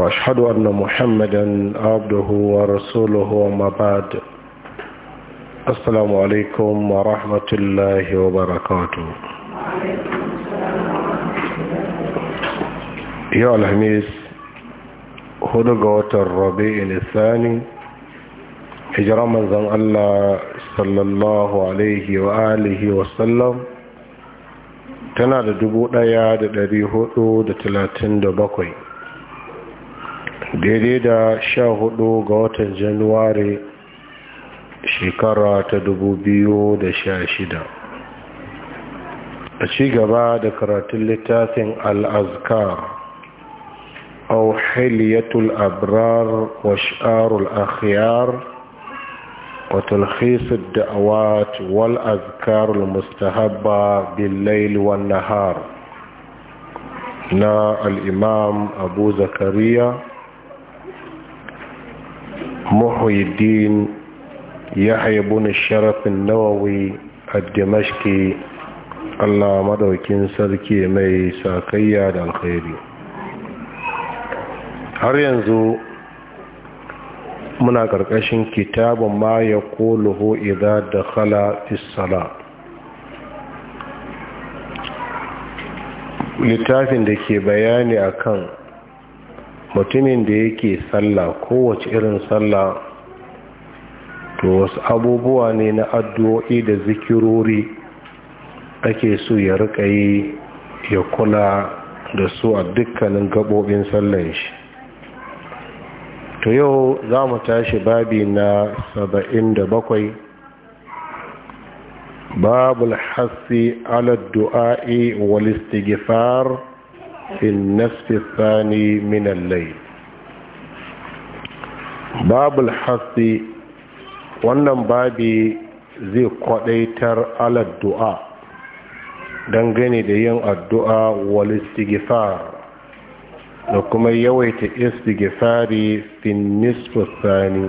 وأشهد أن محمدا عبده ورسوله وما بعد السلام عليكم ورحمة الله وبركاته يا الحميس قوت الربيع الثاني هجرة من الله صلى الله عليه وآله وسلم تنادى da dubu ɗaya هدو دتلاتين hudu daidai da sha hudu ga watan januwari shekara ta dubu biyu da sha shida a cigaba da karatun littafin al'azkar au hiliyatul abrar wa sha'arul akhiyar wa tulkhisar da'awat wal azkarul mustahabba billail wan nahar na al'imam abu zakariya muhyiddin yahya ni sharafin an-nawawi ad-dimashqi Allah madaukin sarki mai sakayya da alkhairi har yanzu muna ƙarƙashin kitabun ma ya kuluhu idan da khala isala littafin da ke bayani akan mutumin da yake sallah kowace irin sallah to wasu abubuwa ne na addu'o'i da zikirori ake so ya riƙa yi ya kula da su a dukkanin gabobin sallan shi to yau za mu tashi babi na saba'in da bakwai babul hasi ala du'a'i wal istighfar في النصف الثاني من الليل باب الحص wannan babi zai kwadaitar ala du'a dangane da yin addu'a wal istighfar da kuma yawaita istighfari fin nisfu sani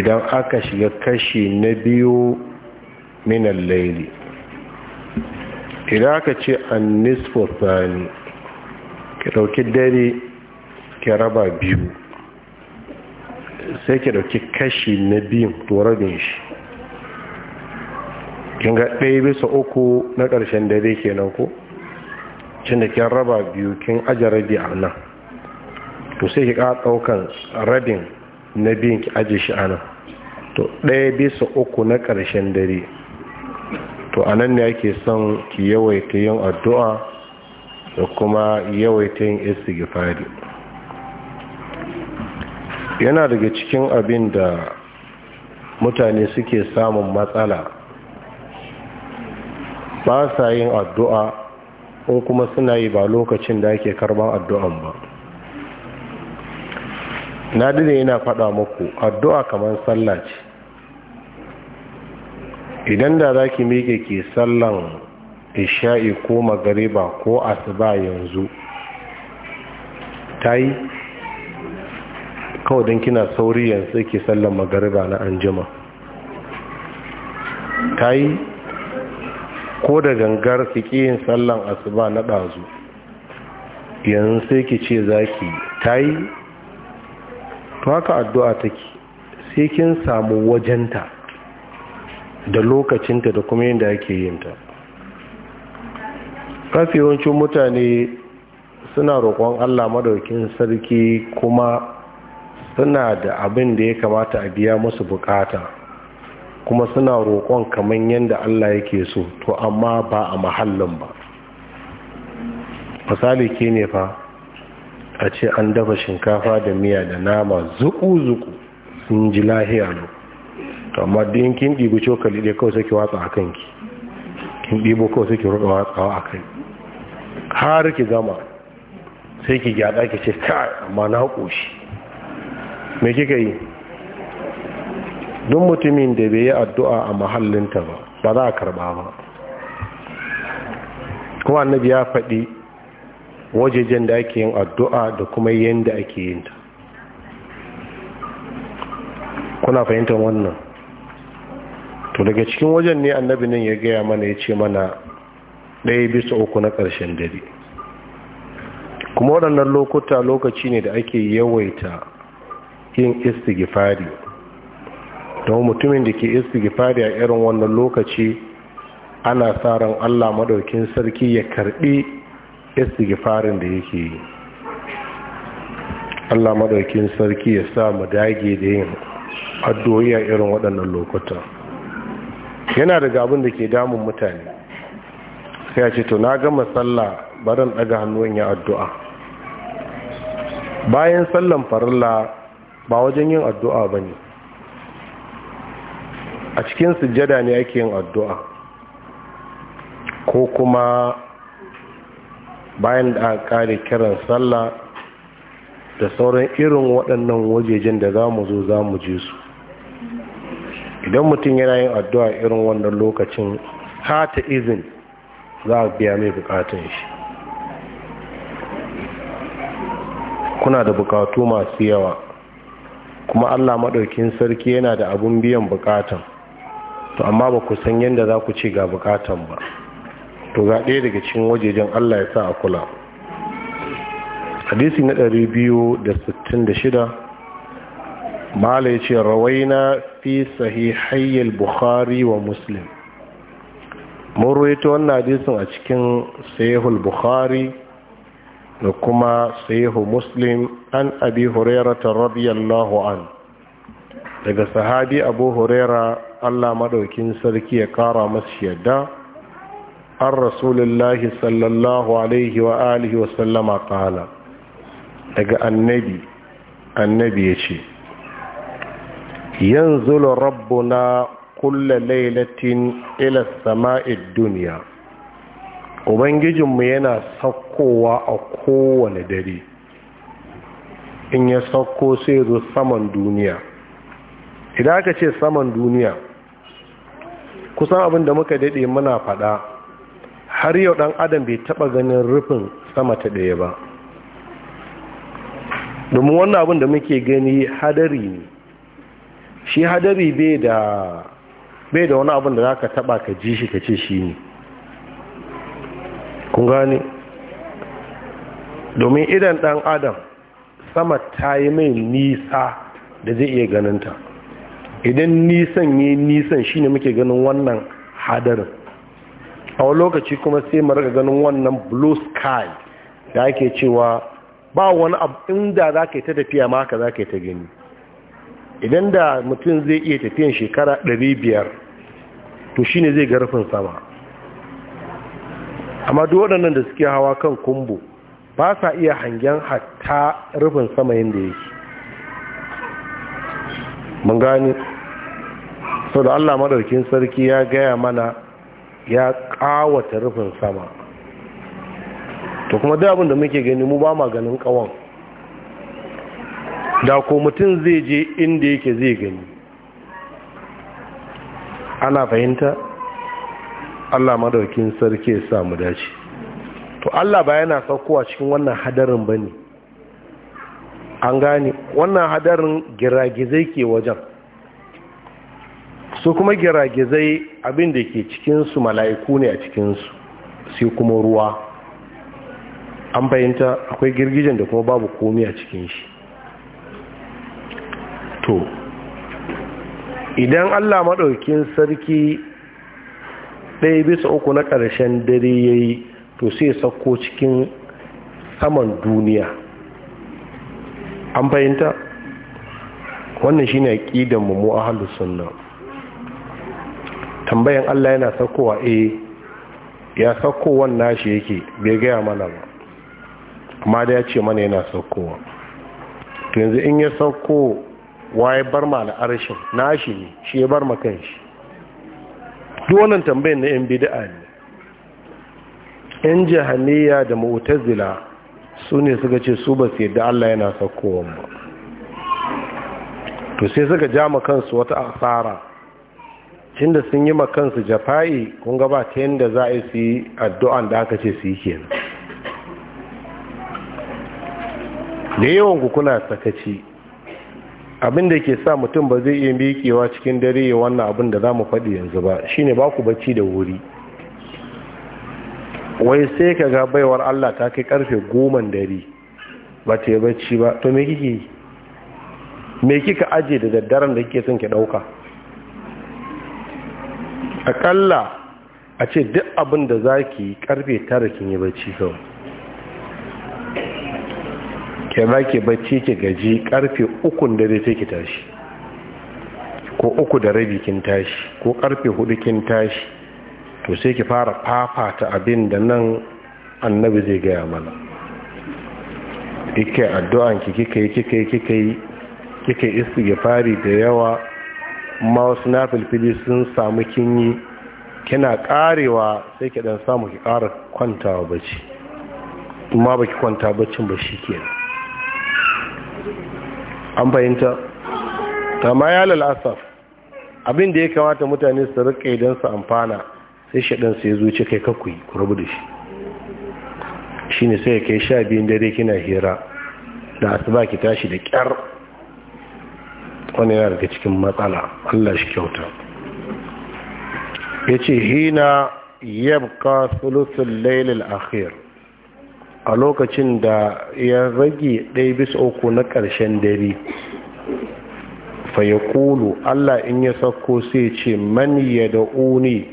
idan aka shiga kashi na biyu minan laili idan aka ce an nisfu sani ki ɗauki dare ki raba biyu sai ki ɗauki kashi na biyun rabin shi kin ga ɗaya bisa uku na ƙarshen dare kenan ko cin da kin raba biyu kin aje rabi a nan to sai ki ƙara ɗaukan rabin na biyun ki aje shi a nan to ɗaya bisa uku na ƙarshen dare to a nan ne ake son ki yawaita yin addu'a da kuma yawaitin istighfari yana daga cikin abin da mutane suke samun matsala ba sa yin addu'a ko kuma suna yi ba lokacin da ake karban addu'an ba na dade yana faɗa muku addu'a kamar sallah ce idan da za ki miƙe ke sallan isha'i ko magariba ko asuba yanzu ta yi kawai don kina sauri yanzu ke sallan magariba na anjima ta yi ko da gangar ki yin sallan asuba na ɗazu yanzu sai ki ce za ki ta yi to haka addu'a take sai kin samu wajenta da lokacinta da kuma yin da ake yinta mafi yawancin mutane suna roƙon allah madaukin sarki kuma suna da abin da ya kamata a biya musu bukata kuma suna roƙon kamar yadda Allah yake so to amma ba a mahallin ba misali ke ne fa a ce an dafa shinkafa da miya da nama zuku-zuku sun ji lahiya lo to amma din kin ɗibi cokali ɗaya kawai suke watsa a kanki kin kawai suke ruɗa watsawa a kai har ki gama sai ki gyada ki ce kai amma na koshi me kika yi don mutumin da bai yi addu'a a mahallinta ba ba za a karba ba kuma annabi ya faɗi wajejen da ake yin addu'a da kuma yadda ake yin ta kuna fahimtar wannan to daga cikin wajen ne annabi nan ya gaya mana ya ce mana ɗaya bisa uku na ƙarshen dare kuma waɗannan lokuta lokaci ne da ake yawaita yin istigifari don mutumin da ke istigifari a irin wannan lokaci ana sa ran allah maɗaukin sarki ya karɓi istigifarin da yake yi allah maɗaukin sarki ya sa mu dage da yin addu'o'i a irin waɗannan lokuta yana daga abin da ke damun mutane sai ya ce to na gama sallah barin daga hannun ya addu'a bayan sallan farilla ba wajen yin addu'a ba ne a cikin sujjada ne ake yin addu'a ko kuma bayan da aka kare kiran sallah da sauran irin waɗannan wajejen da za mu zo za mu je su idan mutum yana yin addu'a irin wannan lokacin ta izin za a biya mai bukatun shi kuna da bukatu masu yawa kuma allah maɗaukin sarki yana da abun biyan bukatan to amma ba ku san yadda za ku ce ga bukatan ba to ga ɗaya daga cikin wajejen allah ya sa a kula hadisi na ɗari biyu da sittin 266 shida, ya ce rawaina fi sahihayyar bukhari wa muslim mun ruwaito wannan hadisin a cikin sayyihul bukhari da kuma sayyihu muslim an abi hurairata radiyallahu an daga sahabi abu huraira allah madaukin sarki ya kara masu yadda an rasulullahi sallallahu alaihi wa alihi wa sallama kala daga annabi annabi ya ce yanzu rabbuna kulla lailatin ila sama'id duniya ubangijinmu yana saukowa a kowane dare in ya sauko sai zo saman duniya idan aka ce saman duniya kusan abin da muka daɗe muna faɗa har yau ɗan adam bai taɓa ganin rufin sama ta ɗaya ba domin wannan abin da muke gani hadari ne shi hadari bai da bai da wani abin da za ka taba ka ji shi ka ce shi ne kun gani domin idan dan adam sama ta yi mai nisa da zai iya ganinta idan nisan yi nisan shine muke ganin wannan hadarin a wani lokaci kuma sai mu rika ganin wannan blue sky da ake cewa ba wani abu inda za ka yi ta tafiya ma haka za ka yi ta gani idan da mutum zai iya tafiyan shekara 500 to shine zai ga rufin sama amma duk waɗannan da suke hawa kan kumbu ba sa iya hangen hatta rufin sama yadda yake mun gani sau da allah madarkin sarki ya gaya mana ya ƙawata rufin sama to kuma da abin da muke gani mu ba ma ganin ƙawon da ko mutum zai je inda yake zai gani ana fahimta Allah madaukin sarki ya samu dace to Allah ba yana saukowa cikin wannan hadarin bane an gane wannan hadarin giragizai ke wajen su kuma giragizai abin da ke cikinsu mala'iku ne a cikinsu sai kuma ruwa an fahimta akwai girgijen da kuma babu komi a cikin shi to idan allah maɗaukin sarki ɗaya bisa uku na ƙarshen dare ya yi to sai sako cikin saman duniya an fahimta wannan shine aqidan mu mu ahlus sunna tambayan Allah yana sakowa eh ya sakowa nashi yake bai gaya mana ba amma da ya ce mana yana sakowa yanzu in ya sako waye bar ma Na nashi ne shi ya bar ma kanshi duk wannan tambayin na yan bid'a ne yan jahaniya da mu'tazila su ne suka ce su ba su yadda Allah yana saukowa ba to sai suka ja ma kansu wata asara tunda sun yi ma kansu jafa'i kun ga ba ta yadda za a yi su yi addu'an da aka ce su yi kenan da yawan ku kuna sakaci abin da ke sa mutum ba zai iya miƙewa cikin dare ya wannan abin da za mu faɗi yanzu ba shine ba ku bacci da wuri wai sai ka ga baiwar Allah ta kai karfe goman dare ba ta yi bacci ba to me kike yi me kika aje da daddaren da kike son ki ɗauka akalla a ce duk abin da za ki karfe tara kin yi bacci kawai ke baki ke bacci ki gaji karfe ukun dare sai ki tashi ko uku da rabi kin tashi ko karfe hudu kin tashi to sai ki fara fafata abin da nan annabi zai gaya mana ike addu'an ki kika yi kika yi kika yi kika istighfari da yawa ma wasu na filfili sun samu kinyi kina karewa sai ki dan samu ki kara kwantawa bacci ba baki kwanta baccin ba shi kenan an fahimta kama ya lalasaf abin da ya kamata mutane su rika idan su amfana sai shaɗin sai zuci kai kakwai kurabu rabu da shi shi ne sai kai sha biyun dare kina hira da asuba ki tashi da kyar wani yana daga cikin matsala allah shi kyauta ya ce hina yabka sulusun lailil akhir a lokacin da ya rage ɗaya bisa uku na ƙarshen dare fa ya kulu allah in ya sauko sai ce man ya uni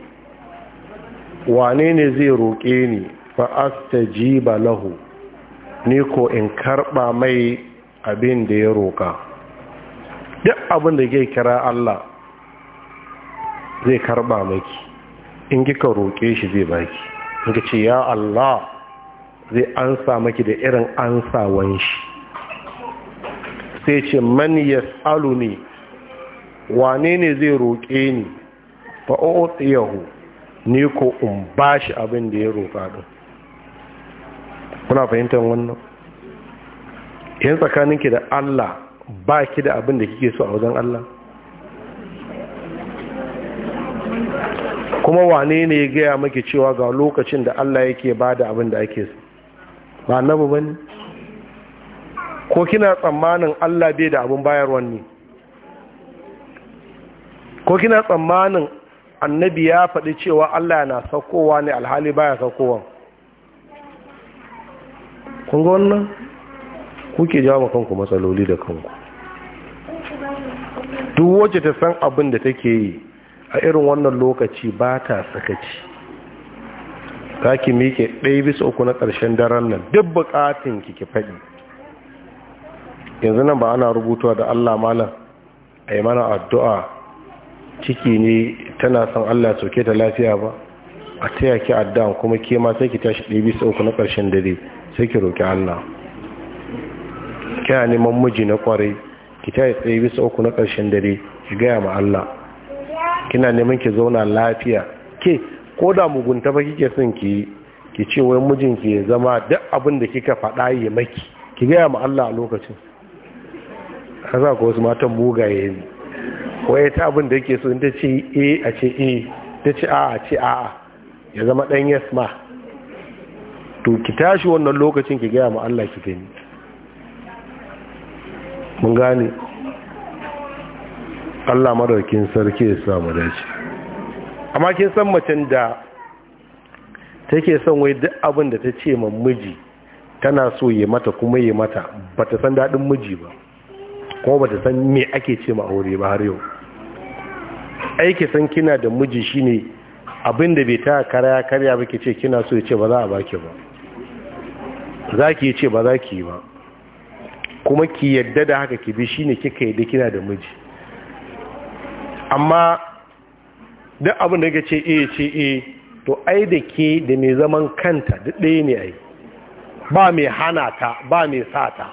wane ne zai roƙe ni fa'asta jiba lahu ni ko in karɓa mai abin da ya roƙa duk abin da kira Allah zai karɓa maki in kika roƙe shi zai baki in ka ce ya Allah zai ansa maki da irin ansa wanshi sai ce man tsalo ne wane ne zai roƙe ni fa utiyahu ni ko in bashi abin da ya roƙa din kuna fahimtar wannan yan tsakaninki da Allah ba ki da abin da kike so a wajen Allah kuma wane ne ya gaya maki cewa ga lokacin da Allah yake ba da abin da ake so ba annabi ba ne ko kina tsammanin allah bai da abin bayarwan ne ko kina tsammanin annabi ya faɗi cewa allah na saukowa ne alhali baya saukowa kun ga wannan kuke jawo kanku matsaloli da kanku duk wacce ta san abin da take yi a irin wannan lokaci ba ta sakaci za ki miƙe ɗaya bisa uku na ƙarshen daren nan duk buƙatun ki ki faɗi yanzu nan ba ana rubutuwa da Allah malam a yi mana addu'a ciki ne tana son Allah soke ta lafiya ba a taya ki addu'a kuma ke ma sai ki tashi ɗaya bisa uku na ƙarshen dare sai ki roƙi Allah kina neman miji na kwarai ki tashi ɗaya bisa uku na ƙarshen dare ki gaya ma Allah kina neman ki zauna lafiya ke ko da mugunta ba kike son ki ki ce wai mijinki ya zama duk abin da kika faɗa ya maki ki gaya ma Allah a lokacin kaza ko wasu matan mugaye ne wai ta abin da yake so in ta ce eh a ce eh ta ce a a ce a ya zama dan yes ma to ki tashi wannan lokacin ki gaya ma Allah ki gani mun gane Allah madaukin sarki ya samu dace amma kin san macen da take son wai duk abin da ta ce ma miji tana so yi mata kuma yi mata ba ta san daɗin miji ba kuma ba ta san me ake ce ma aure ba har yau aiki san kina da miji shine abin da bai ta karya karya ba ke ce kina so ya ce ba za a baki ba za ki ce ba za ki ba kuma ki yadda da haka ki bi shine kika yadda kina da miji amma duk abin da yake ce iya ce eh to ai da ke da mai zaman kanta duk ɗaya ne ai ba mai hana ta ba mai sa ta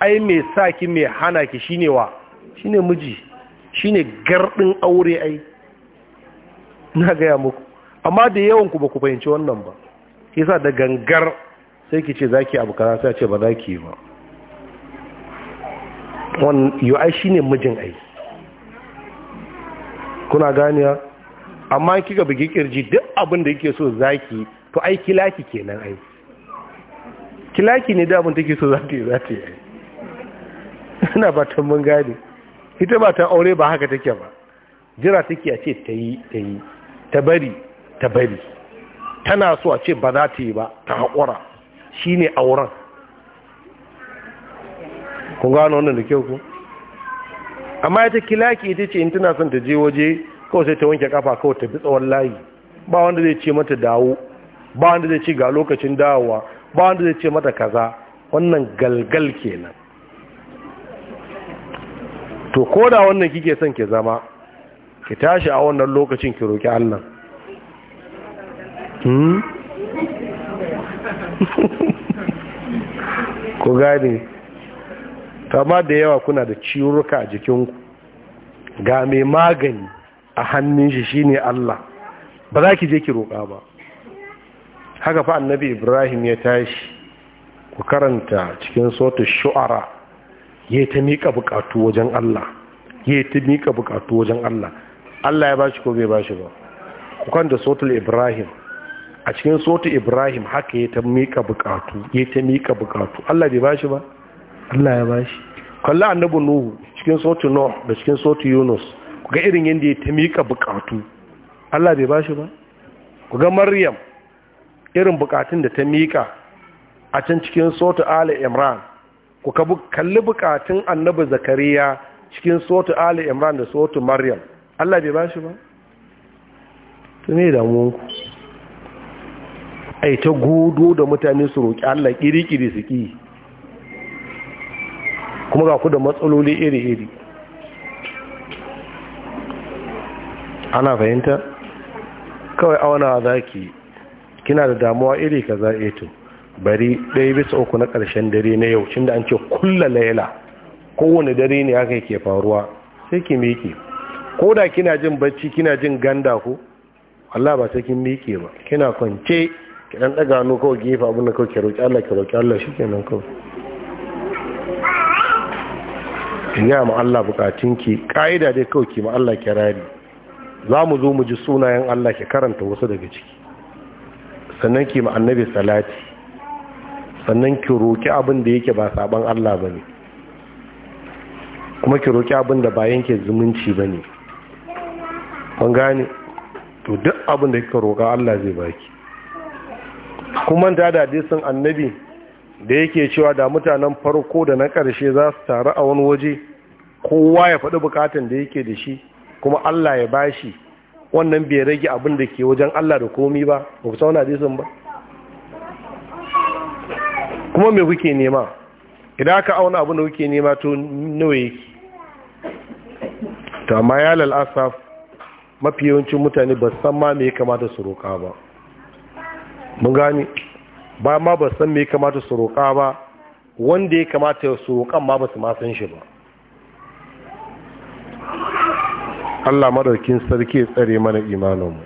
ai mai sa ki mai hana ki shine wa shine miji shine garɗin aure ai na gaya muku amma da yawan ku ba ku fahimci wannan ba sa da gangar sai ki ce za ki abu kaza sai ce ba yi ba wani yo ai shine mijin ai kuna ganiya amma kika bugi kirji duk abin da yake so zaki to ai kilaki kenan ai kilaki ne da abin yake so zaki zaki ai ina ba ta mun gane ita ba ta aure ba haka take ba jira take a ce ta yi ta yi ta bari ta bari tana so a ce ba za ta yi ba ta haƙura shine auren kun gano wannan da kyau ku amma ita kilaki ita ce in tana son ta je waje kawai sai ta wanke kafa kawai ta bi tsawon layi ba wanda zai ce mata dawo ba wanda zai ce ga lokacin dawowa ba wanda zai ce mata kaza wannan galgal kenan to ko da wannan kike son ki zama ki tashi a wannan lokacin ki roki Allah hmm ku gane ta ma da yawa kuna da ciwurka a jikinku ga mai magani a hannun shi shi ne Allah ba za ki je ki roƙa ba haka fa annabi ibrahim ya tashi ku karanta cikin sautin shu'ara ya ta miƙa buƙatu wajen Allah ya ta miƙa buƙatu wajen Allah Allah ya bashi ko bai bashi ba ku kanta sautin ibrahim a cikin sautin ibrahim haka ya ta miƙa buƙatu ya ta miƙa buƙatu Allah bai shi ba Allah ya bashi kalla annabi nuhu cikin sautin nuh da cikin sautin yunus ku ga irin yadda ya ta miƙa bukatu Allah bai bashi ba ku ga maryam irin bukatun da ta miƙa a can cikin sotu ali imran ku kalli bukatun annabi zakariya cikin sotu ali imran da sotu maryam Allah bai bashi ba su ne damuwanku ai ta godo da mutane su roƙi Allah ƙiri-ƙiri su ƙi kuma ga ku da matsaloli iri-iri ana fahimta kawai auna ki kina da damuwa iri ka kaza eto eh bari ɗaya bisa uku na ƙarshen dare na yau cin da an ce kulla laila kowane dare ne aka ke faruwa sai ki miƙe ko da kina jin bacci kina jin ganda ko Allah ba sai kin miƙe ba kina kwance ki dan daga hannu kawai gefe abin da kawai ki roki Allah ki roƙi Allah shikenan kawai in ya ma Allah bukatunki ka'ida dai kawai ki ma Allah kirari za mu zo mu ji sunayen Allah ki karanta wasu daga ciki sannan ki annabi salati sannan ki roƙi abin da yake ba saban Allah ba ne kuma ki roƙi abin da ba yanke zumunci ba ne kun gane to duk abin da kika roƙa Allah zai baki kuma da da sun annabi da yake cewa da mutanen farko da na ƙarshe za su taru a wani waje kowa ya faɗi bukatun da yake da shi kuma Allah ya bashi wannan bai rage abin da ke wajen Allah da komi ba ba ku sauna sun ba kuma me kuke nema idan aka auna abin da kuke nema to nawa yake to amma ya lalasaf mafi yawancin mutane ba san ma me kamata su roƙa ba mun gani ba ma ba san me kamata su roƙa ba wanda ya kamata su roƙan ma ba su ma san shi ba Allah madaukin sarki ya tsare mana imaninmu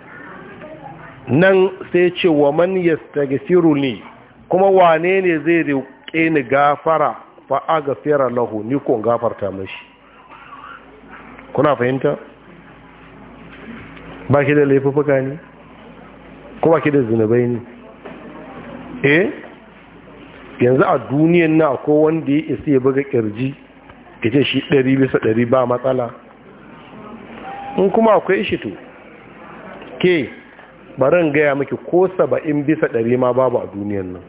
nan sai ce wa man ni kuma wane ne zai riƙe ni gafara fa aghfira lahu ni ko gafarta mashi kuna fahimta ba ki da laifuka ne ko ba ki da zunubai ne eh yanzu a duniyar na ko wanda ya isa ya buga kirji ya ce shi 100 bisa 100 ba matsala in kuma akwai shi to ke baran gaya miki ko saba'in bisa ɗari ma babu a duniyan nan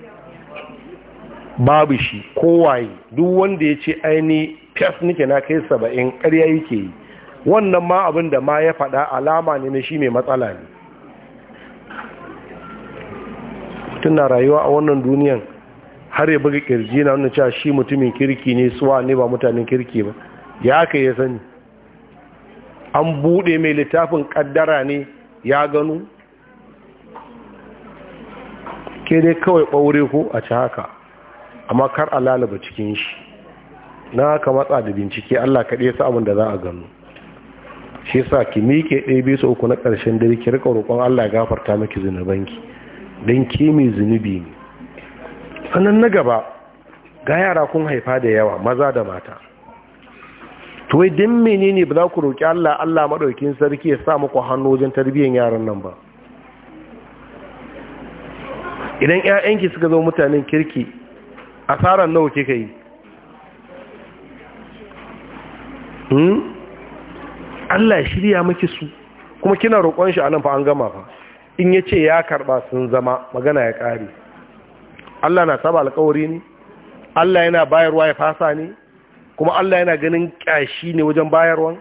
babu shi kowaye duk wanda ya ce aini fiyas nike na kai saba'in ƙarya yake yi wannan ma abin da ma ya faɗa alama ne na shi mai matsala ne tuna rayuwa a wannan duniyan har ya buga kirji na wannan cewa shi mutumin kirki ne suwa ne ba mutanen kirki ba ya aka ya sani an buɗe mai littafin ƙaddara ne ya gano ke dai kawai ɓaure ko a ci haka amma kar a lalaba cikin shi na haka matsa da bincike allah kaɗai sa abin da za a gano shi sa ki miƙe ɗaya bisa uku na ƙarshen dare ki riƙa roƙon allah ya gafarta miki zunubanki don ki mai zunubi ne sannan na gaba ga yara kun haifa da yawa maza da mata to wai din menene ba za ku roƙi Allah Allah maɗaukin sarki ya sa muku hannu wajen tarbiyyar yaran nan ba idan 'ya'yanki suka zo mutanen kirki asaran nawa kika yi hmm Allah shirya miki su kuma kina roƙon shi anan fa an gama fa in ya ce ya karɓa sun zama magana ya ƙare Allah na saba alƙawari ne Allah yana bayarwa ya fasa ne kuma Allah yana ganin ƙyashi ne wajen bayarwan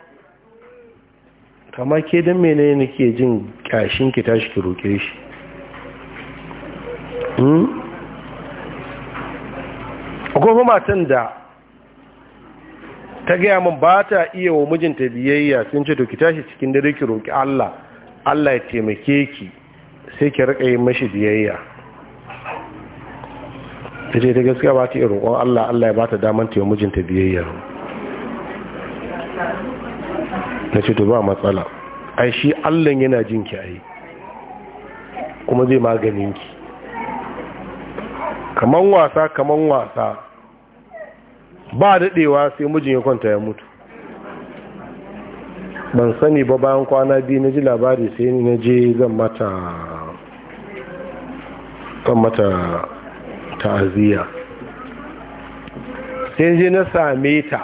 kama ke don mene ne ke jin ƙyashin ki tashi ki roƙe shi hmm? akwai matan da ta gaya min ba ta iya wa mijinta biyayya sun ce to ki tashi cikin dare ki roƙi Allah Allah ya taimake ki sai ki raƙa yin mashi biyayya ta ce ta gaskiya ba ta iya roƙon Allah Allah ya ba ta daman ta yi mijinta biyayya na ce to ba matsala ai shi Allah yana jin ki ai kuma zai maganin ki kaman wasa kaman wasa ba daɗewa sai mijin ya kwanta ya mutu ban sani ba bayan kwana biyu na ji labari sai ni na je zan mata ta'aziyya sai je na same ta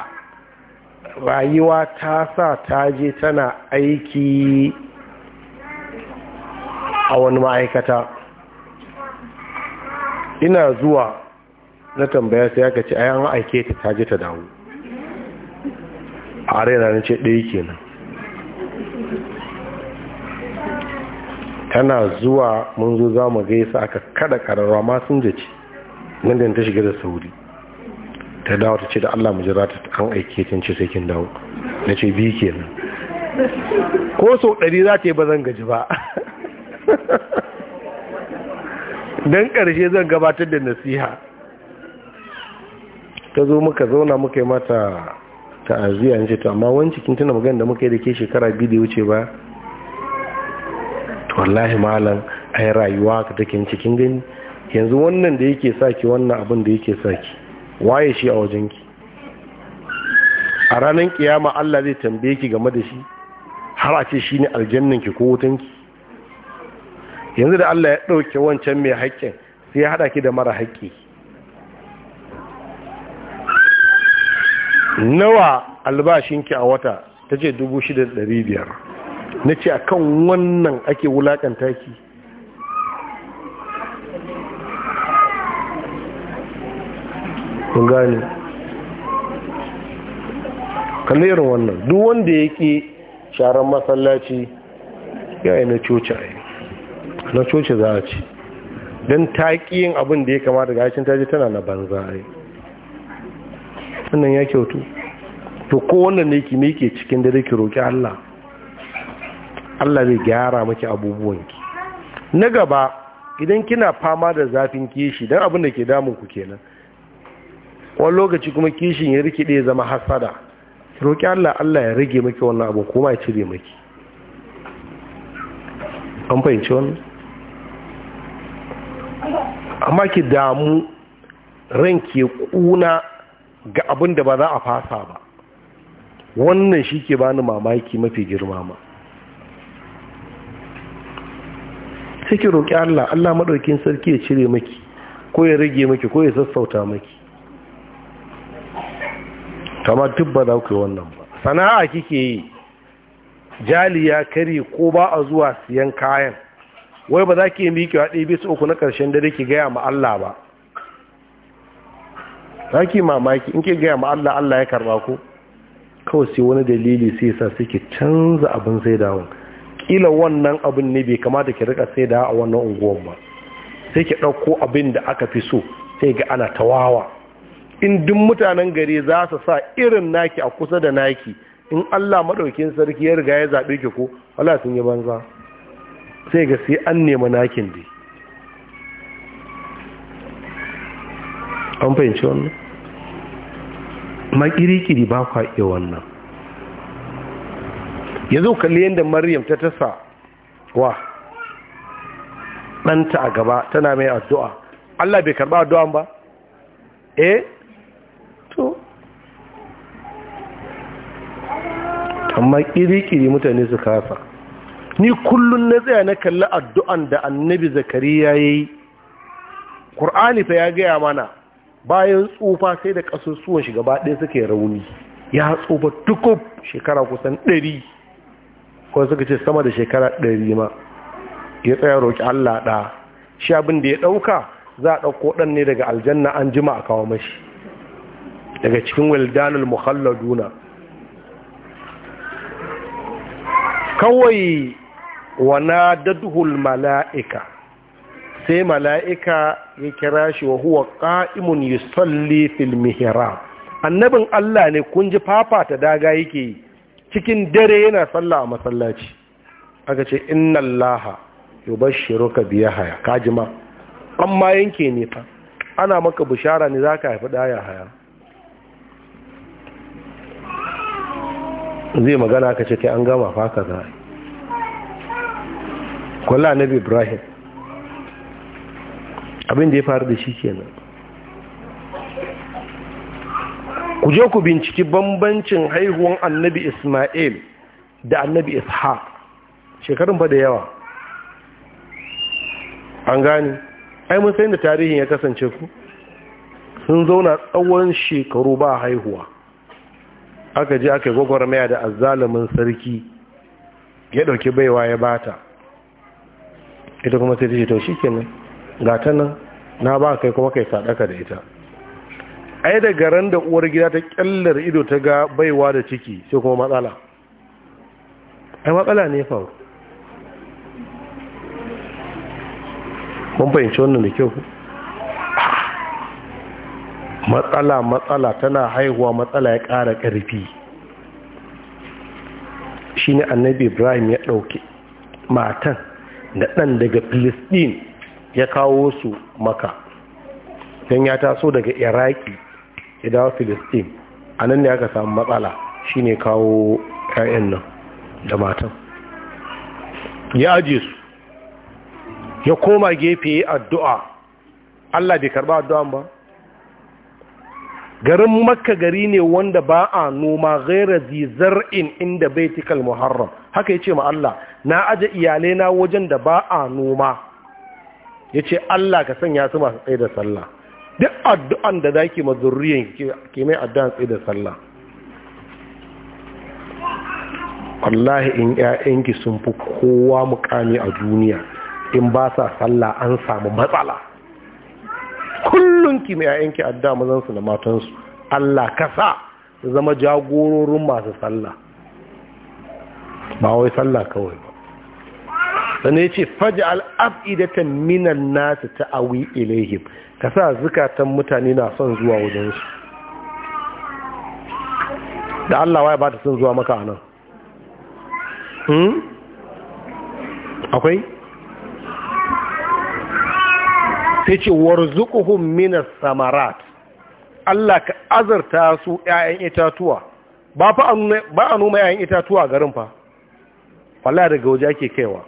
rayuwa ta sa ta je tana aiki a wani ma'aikata ina zuwa na tambaya sai aka ce ayan aike ta ta je ta dawo a rai na ce ɗaya kenan tana zuwa mun zo za mu gaisa aka kada ƙararwa masu jace nan da ta shiga da sauri ta dawo ta ce da Allah mu jira ta an aike ta ce sai kin dawo na ce bi kenan ko sau ɗari za ta yi ba zan gaji ba don ƙarshe zan gabatar da nasiha ta zo muka zauna muka yi mata ta'aziyya in ce to amma wani cikin tuna magana da muka yi da ke shekara biyu da wuce ba to wallahi malam ai rayuwa ka take cikin gani yanzu wannan da yake saki wannan abin da yake saki waye shi a wajenki a ranar kiyama Allah zai tambaye ki game da shi har a ce shi ne ki ko wutanki yanzu da Allah ya ɗauke wancan mai haƙƙin sai ya haɗa ki da mara haƙƙi nawa albashinki a wata ta ce biyar? na ce a kan wannan ake wulaƙanta ki kun gane kalli wannan duk wanda ya ke sharan masallaci ya yi na coci a yi na coci za a ci don ta yin abin da ya kamata ga ta taji tana na banza a yi wannan ya kyautu to ko wannan ne ki meke cikin dare ki roƙi Allah Allah zai gyara maki abubuwanki na gaba idan kina fama da zafin kishi don abin da ke damun ku kenan wani lokaci kuma kishin ya rikide ya zama hasada roƙi Allah Allah ya rage maki wannan abu kuma ya cire maki an fahimci wannan amma ki damu ranki ke kuna ga abin da ba za a fasa ba wannan shi ke bani mamaki mafi girma ma sai ki roƙi Allah Allah maɗaukin sarki ya cire maki ko ya rage maki ko ya sassauta maki kama duk ba za ku yi wannan ba sana'a kike yi jali ya kare ko ba a zuwa siyan kayan wai ba za ki yi miki ɗaya bisa uku na ƙarshen dare ki gaya ma Allah ba za ki mamaki in ki gaya ma Allah Allah ya karba ku kawai sai wani dalili sai sa suke canza abin sai wani kila wannan abin ne bai kamata ki rika sai da a wannan unguwan ba sai ki ɗauko abin da aka fi so sai ga ana tawawa in duk mutanen gari za su sa irin naki a kusa da naki in Allah maɗaukin sarki ya riga ya zaɓe ki ko Allah sun yi banza sai ga sai an nemi nakin dai an fahimci wannan makirikiri ba kwa iya wannan zo kalli yadda maryam ta tasa wa ɗanta a gaba tana mai addu'a Allah bai karɓa addu'an ba eh to amma ƙiri-ƙiri mutane su kafa ni kullum na tsaya na kalli addu'an da annabi Zakari ya yi ƙur'ani fa ya gaya mana bayan tsufa sai da ƙasusuwan shiga ba ɗaya suke rauni ya tsufa dukub shekara kusan ɗari ko suka ce sama da shekara ɗari ma ya tsaya roƙi allah ɗa shi abin da ya ɗauka za a ɗauko ɗan ne daga aljanna an jima a kawo mashi daga cikin wildanul mukhalladuna kawai wa daduhul mala'ika sai mala'ika ya kira shi wa huwa ƙa'imun yusalli fil mihrab annabin Allah ne kun ji ta daga yake cikin dare yana sallah a masallaci aka ce inna allaha yubashshiruka bi yahya kajima amma yanke ne fa ana maka bishara ne zaka haifi daya haya zai magana ka ce kai an gama fa ka za kwallo nabi ibrahim abin da ya faru da shi kenan ku je ku binciki bambancin haihuwan annabi isma'il da annabi isha shekarun ba da yawa an gani ai mun sayin da tarihin ya kasance ku sun zauna tsawon shekaru ba haihuwa aka je aka gwagwarmaya da azzalumin sarki ya ɗauki baiwa ya bata ita kuma sai ta ce to shi gata ga ta nan na ba kai kuma kai sadaka da ita ai da garan da uwar gida ta kyallar ido ta ga baiwa da ciki sai kuma matsala ai matsala ne faru mun fahimci wannan da kyau matsala matsala tana haihuwa matsala ya ƙara ƙarfi shi ne annabi ibrahim ya ɗauke matan da ɗan daga filistin ya kawo su maka don ya taso daga iraki ya dawo filistin a nan ne aka samu matsala shi ne kawo 'ya'yan nan da matan ya aje su ya koma gefe addu'a Allah bai karba addu'an ba garin makka gari ne wanda ba a noma gaira zizar'in inda baitikal muharram haka ya ce ma Allah na aje iyalai na wajen da ba a noma ya ce Allah ka sanya su masu tsaye da sallah duk addu'an da za ki mazurriyan ke mai addu'an tsaye da sallah wallahi in ‘ya'yanki sun fi kowa mukami a duniya in ba sa sallah an samu matsala kullum ki mai yayanki adda mazansu da matansu Allah kasa zama jagororin masu sallah ba wai sallah kawai ba Sani ya ce faji al'af'idatan minan nasu ta'awi ilaihim ka sa zukatan mutane na son zuwa wajensu da Allah wai ba ta son zuwa maka nan hmm? akwai sai ce warzuquhum minas samarat Allah ka azarta su ƴaƴan itatuwa ba fa ba a noma ƴaƴan itatuwa garin fa wallahi daga waje ake kaiwa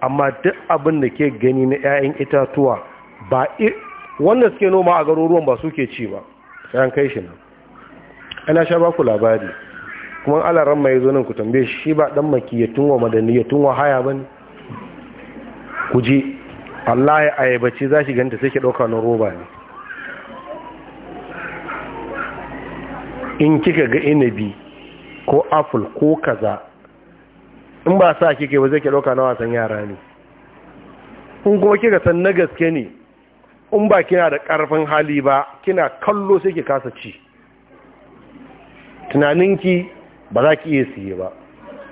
amma duk abin da ke gani na yayan itatuwa ba wanda suke noma a garuruwan ba suke ci ba sai kai shi nan ana sha baku labari kuma alaran mai zo nan ku tambaye shi ba dan tunwa wa ya tunwa haya ku je wallahi ayyabaci za shi ganta sai ki ɗauka na roba ne in kika ga inabi ko apple ko kaza in ba sa kike ba zai ki ɗauka na wasan yara ne in kuma kika san na gaske ne in ba kina da ƙarfin hali ba kina kallo sai ki kasa ci tunaninki ba za ki iya siye ba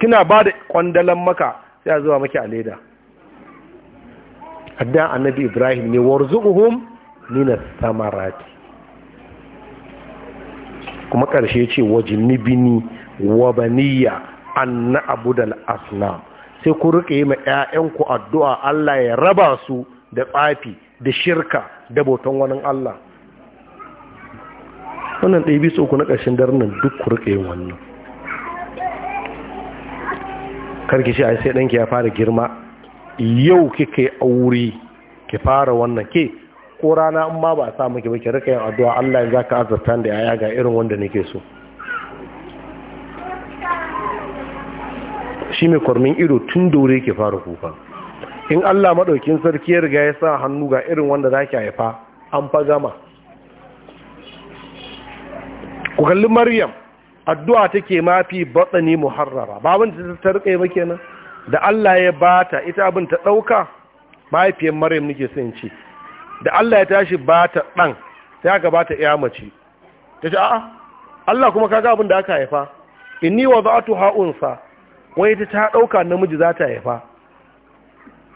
kina ba da kwandalan maka sai a zuwa maki a leda adda annabi ibrahim ne warzuquhum min samarati kuma karshe ce bini wa baniya an da asnam sai ku rike ma ƴaƴanku addu'a Allah ya raba su da tsafi da shirka da boton wani Allah wannan ɗaya bisa uku na karshen daren nan duk ku rike wannan karki shi a sai ɗanki ya fara girma yau kike aure ki fara wannan ke ko rana in ma ba sa miki baki rika yin addu'a Allah ya zaka azurta da yaya ga irin wanda nake so shi mai kwarmin ido tun dore ke fara kuka in Allah maɗaukin sarki ya riga ya sa hannu ga irin wanda za ki haifa an fa gama ku kalli maryam addu'a take mafi batsani muharrara babin ta yi ba kenan da Allah ya bata ita abin ta ɗauka mahaifiyar maryam nake son ce da Allah ya tashi bata ɗan sai aka bata ya mace ta ce a'a Allah kuma kaga abin da aka haifa inni wa za'atu ha'unsa wai ta ta ɗauka namiji za ta haifa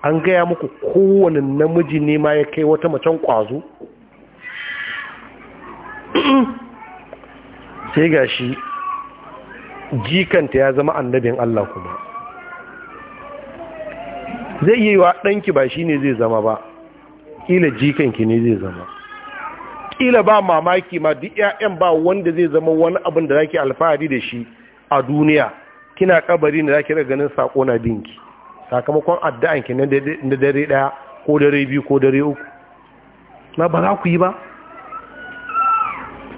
an gaya muku kowane namiji ne ma ya kai wata macen ƙwazo sai gashi jikanta ya zama annabin Allah kuma zai yi wa ɗanki ba shi ne zai zama ba ƙila jikanki ne zai zama ƙila ba mamaki ma duk 'ya'yan ba wanda zai zama wani abin da zaki alfahari da shi a duniya kina kabari da zaki daga ganin sako na binki sakamakon addu'anki na dare ɗaya ko dare biyu ko dare uku na ba za ku yi ba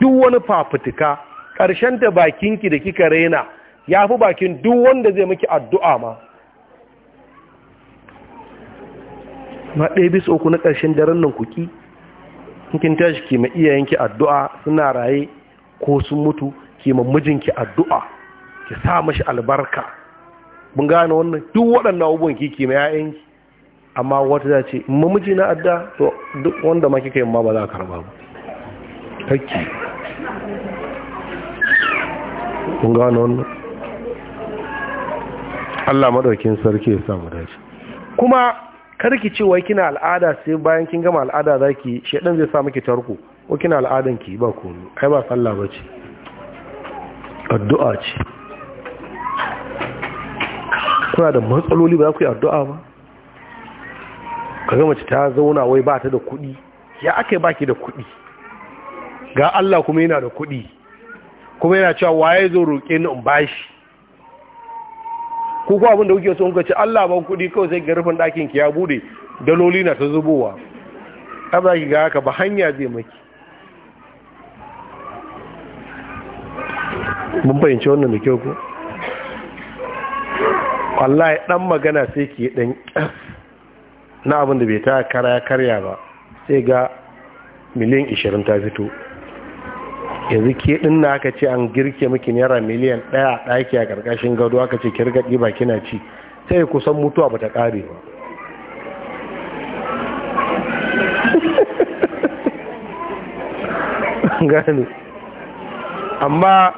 duk wani fafutuka ƙarshen da bakinki da kika raina ya fi bakin duk wanda zai miki addu'a ma ma ɗaya bisa uku na ƙarshen daren nan kuki kin tashi ke ma iyayenki addu'a suna raye ko sun mutu ke ma mijinki addu'a ki sa mashi albarka mun gane wannan duk waɗannan abubuwan ki ke ma yayanki amma wata za ce ma miji na adda to duk wanda ma kika yi ma ba za a karba ba kakki mun gane wannan Allah madaukin sarki ya samu dace kuma kar ki ce wai kina al'ada sai bayan kin gama al'ada zaki shedan zai sa miki tarko ko kina al'adan ki ba ko ai ba sallah bace addu'a ce kuna da matsaloli ba ku yi addu'a ba kaga mace ta zauna wai ba ta da kuɗi ya aka baki da kuɗi ga Allah kuma yana da kuɗi kuma yana cewa waye zo roƙe ni in bashi Ko ko abin da kuke so kuka ci Allah ban kuɗi kawai sai ga rufin ɗakin ki ya bude daloli na ta zubowa abin ki ga haka ba hanya zai maki mun fahimci wannan da kyau ko wallahi dan magana sai ki dan na abin da bai ta kara karya ba sai ga miliyan 20 ta fito yanzu ke din na aka ce an girke miki naira miliyan ɗaya ɗaki a ƙarƙashin gado aka ce kirga ɗiba kina ci sai kusan mutuwa ba ta ƙare ba gani amma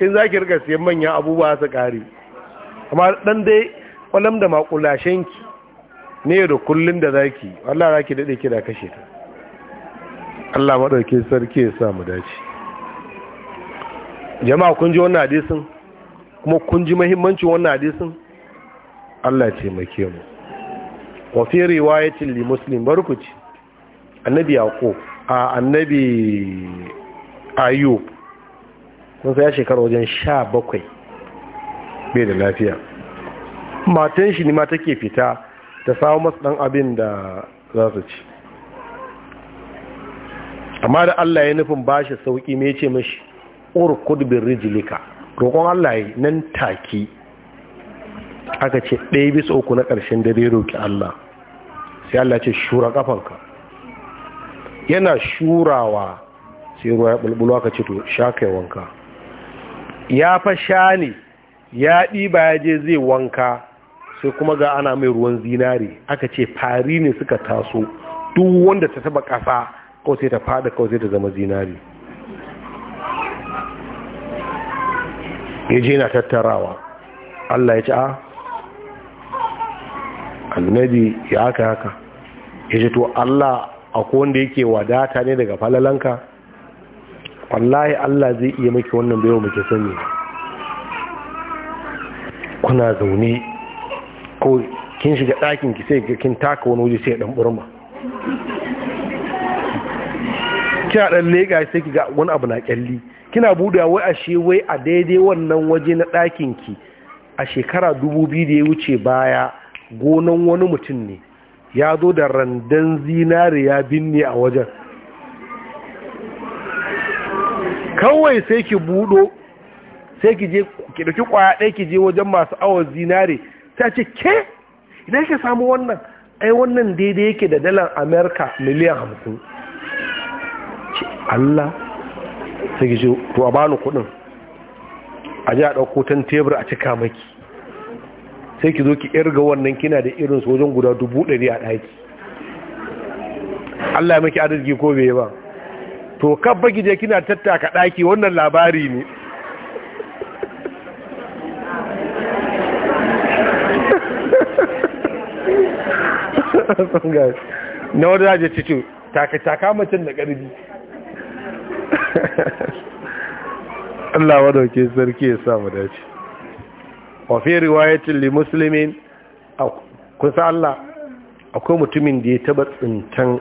in za ki riga siyan manyan abubuwa su ƙare amma ɗan dai kwalam da ki ne da kullum da za ki wallah za ki daɗe ki da kashe ta Allah maɗauki sarki ya sa mu dace jama'a kun ji wannan hadisin kuma kun ji muhimmancin wannan hadisin Allah ya taimake mu wa fi riwayatin li muslim barkuci annabi yaqo a annabi ayub kun sai shekara wajen 17 bai da lafiya matan shi ne ma take fita ta samu masu dan abin da za su ci amma da Allah ya nufin ba shi sauki me ce mashi urkud bin rijlika roƙon Allah yi nan take aka ce ɗaya bisa uku na ƙarshen dare roƙi Allah sai Allah ce shura kafanka yana shurawa sai ruwa ya bulbulo aka ce to sha kai wanka ya fa sha ne ya ɗiba ya je zai wanka sai kuma ga ana mai ruwan zinari aka ce fari ne suka taso duk wanda ta taba ƙasa kawai sai ta fada kawai sai ta zama zinari. Yaje je na tattarawa Allah ya ci a ah, annabi ya haka haka ya ce to Allah akwai wanda yake wadata ne daga falalanka wallahi Allah zai iya maki wannan bayo muke sani kuna zaune ko kin shiga ɗakin ki sai kin taka wani waje sai dan burma kina dan lega sai ki ga wani abu na kyalli kina buda wai ashe wai a daidai wannan waje na ɗakinki a shekara dubu biyu da ya wuce baya gonan wani mutum ne ya zo da randan zinari ya binne a wajen kawai sai ki buɗo sai ki je ki ɗauki kwaya ɗaya ki je wajen masu awon zinari ta ce ke idan ka samu wannan ai wannan daidai yake da dalar amerika miliyan hamsin ce allah sai ki to a bani kuɗin a ji a ɗauko tan tebur a cika maki sai ki zo ki irga wannan kina da irin sojan guda dubu ɗari a ɗaki Allah maki arziki ko bai ba to kabba baki je kina tattaka ɗaki wannan labari ne na wadda za a je cikin taka da ƙarfi Allah wadauke sarki ya samu dace wa fi riwayatin li muslimin kusa Allah akwai mutumin da ya taba tsintan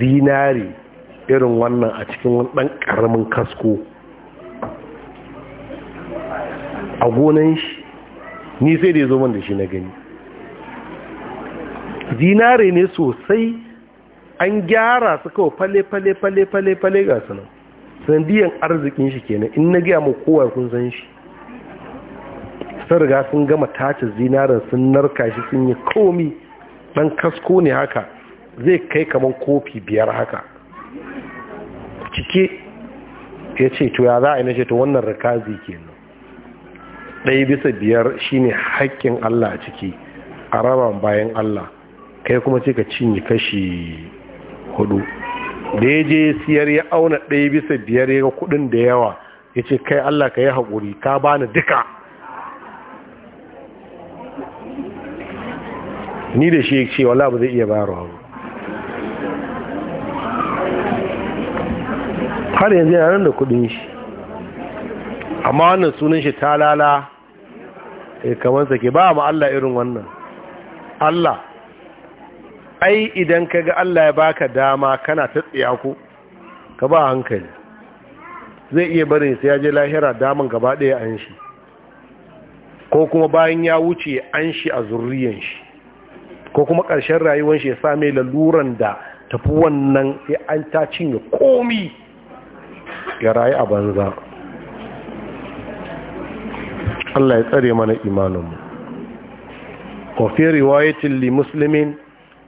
zinari irin wannan a cikin wani ɗan karamin kasko a gonan shi ni sai da ya zo man da shi na gani Zinari ne sosai an gyara su kawai fale fale fale fale fale ga su nan sandiyan arzikin shi kenan in na gaya mu kowa kun san shi sun riga sun gama tace zinarin sun narka shi sun yi komi ɗan kasko ne haka zai kai kamar kofi biyar haka cike ya ce to ya za a yi na ce to wannan rikazi kenan ɗaya bisa biyar shine haƙƙin Allah a ciki a raba bayan Allah kai kuma ce ka cinye kashi hudu da ya je siyar ya auna ɗaya bisa biyar ya ga kudin da yawa ya ce kai Allah ka yi haƙuri ka bani duka ni da shi ya ce wala ba zai iya bayarwa ba har yanzu yana nan da kudin shi amma wannan sunan shi talala eh, kamar sake ba ma Allah irin wannan Allah ai idan ka ga Allah ya baka dama kana ta tsaya ku ka ba hankali zai iya barin sai ya je lahira daman gaba ɗaya an shi ko kuma bayan ya wuce an shi a zurriyan shi ko kuma ƙarshen rayuwar shi ya same laluran da tafi wannan sai an ta cinye komi ya rayu a banza Allah ya tsare mana imaninmu wa fi riwayatin li muslimin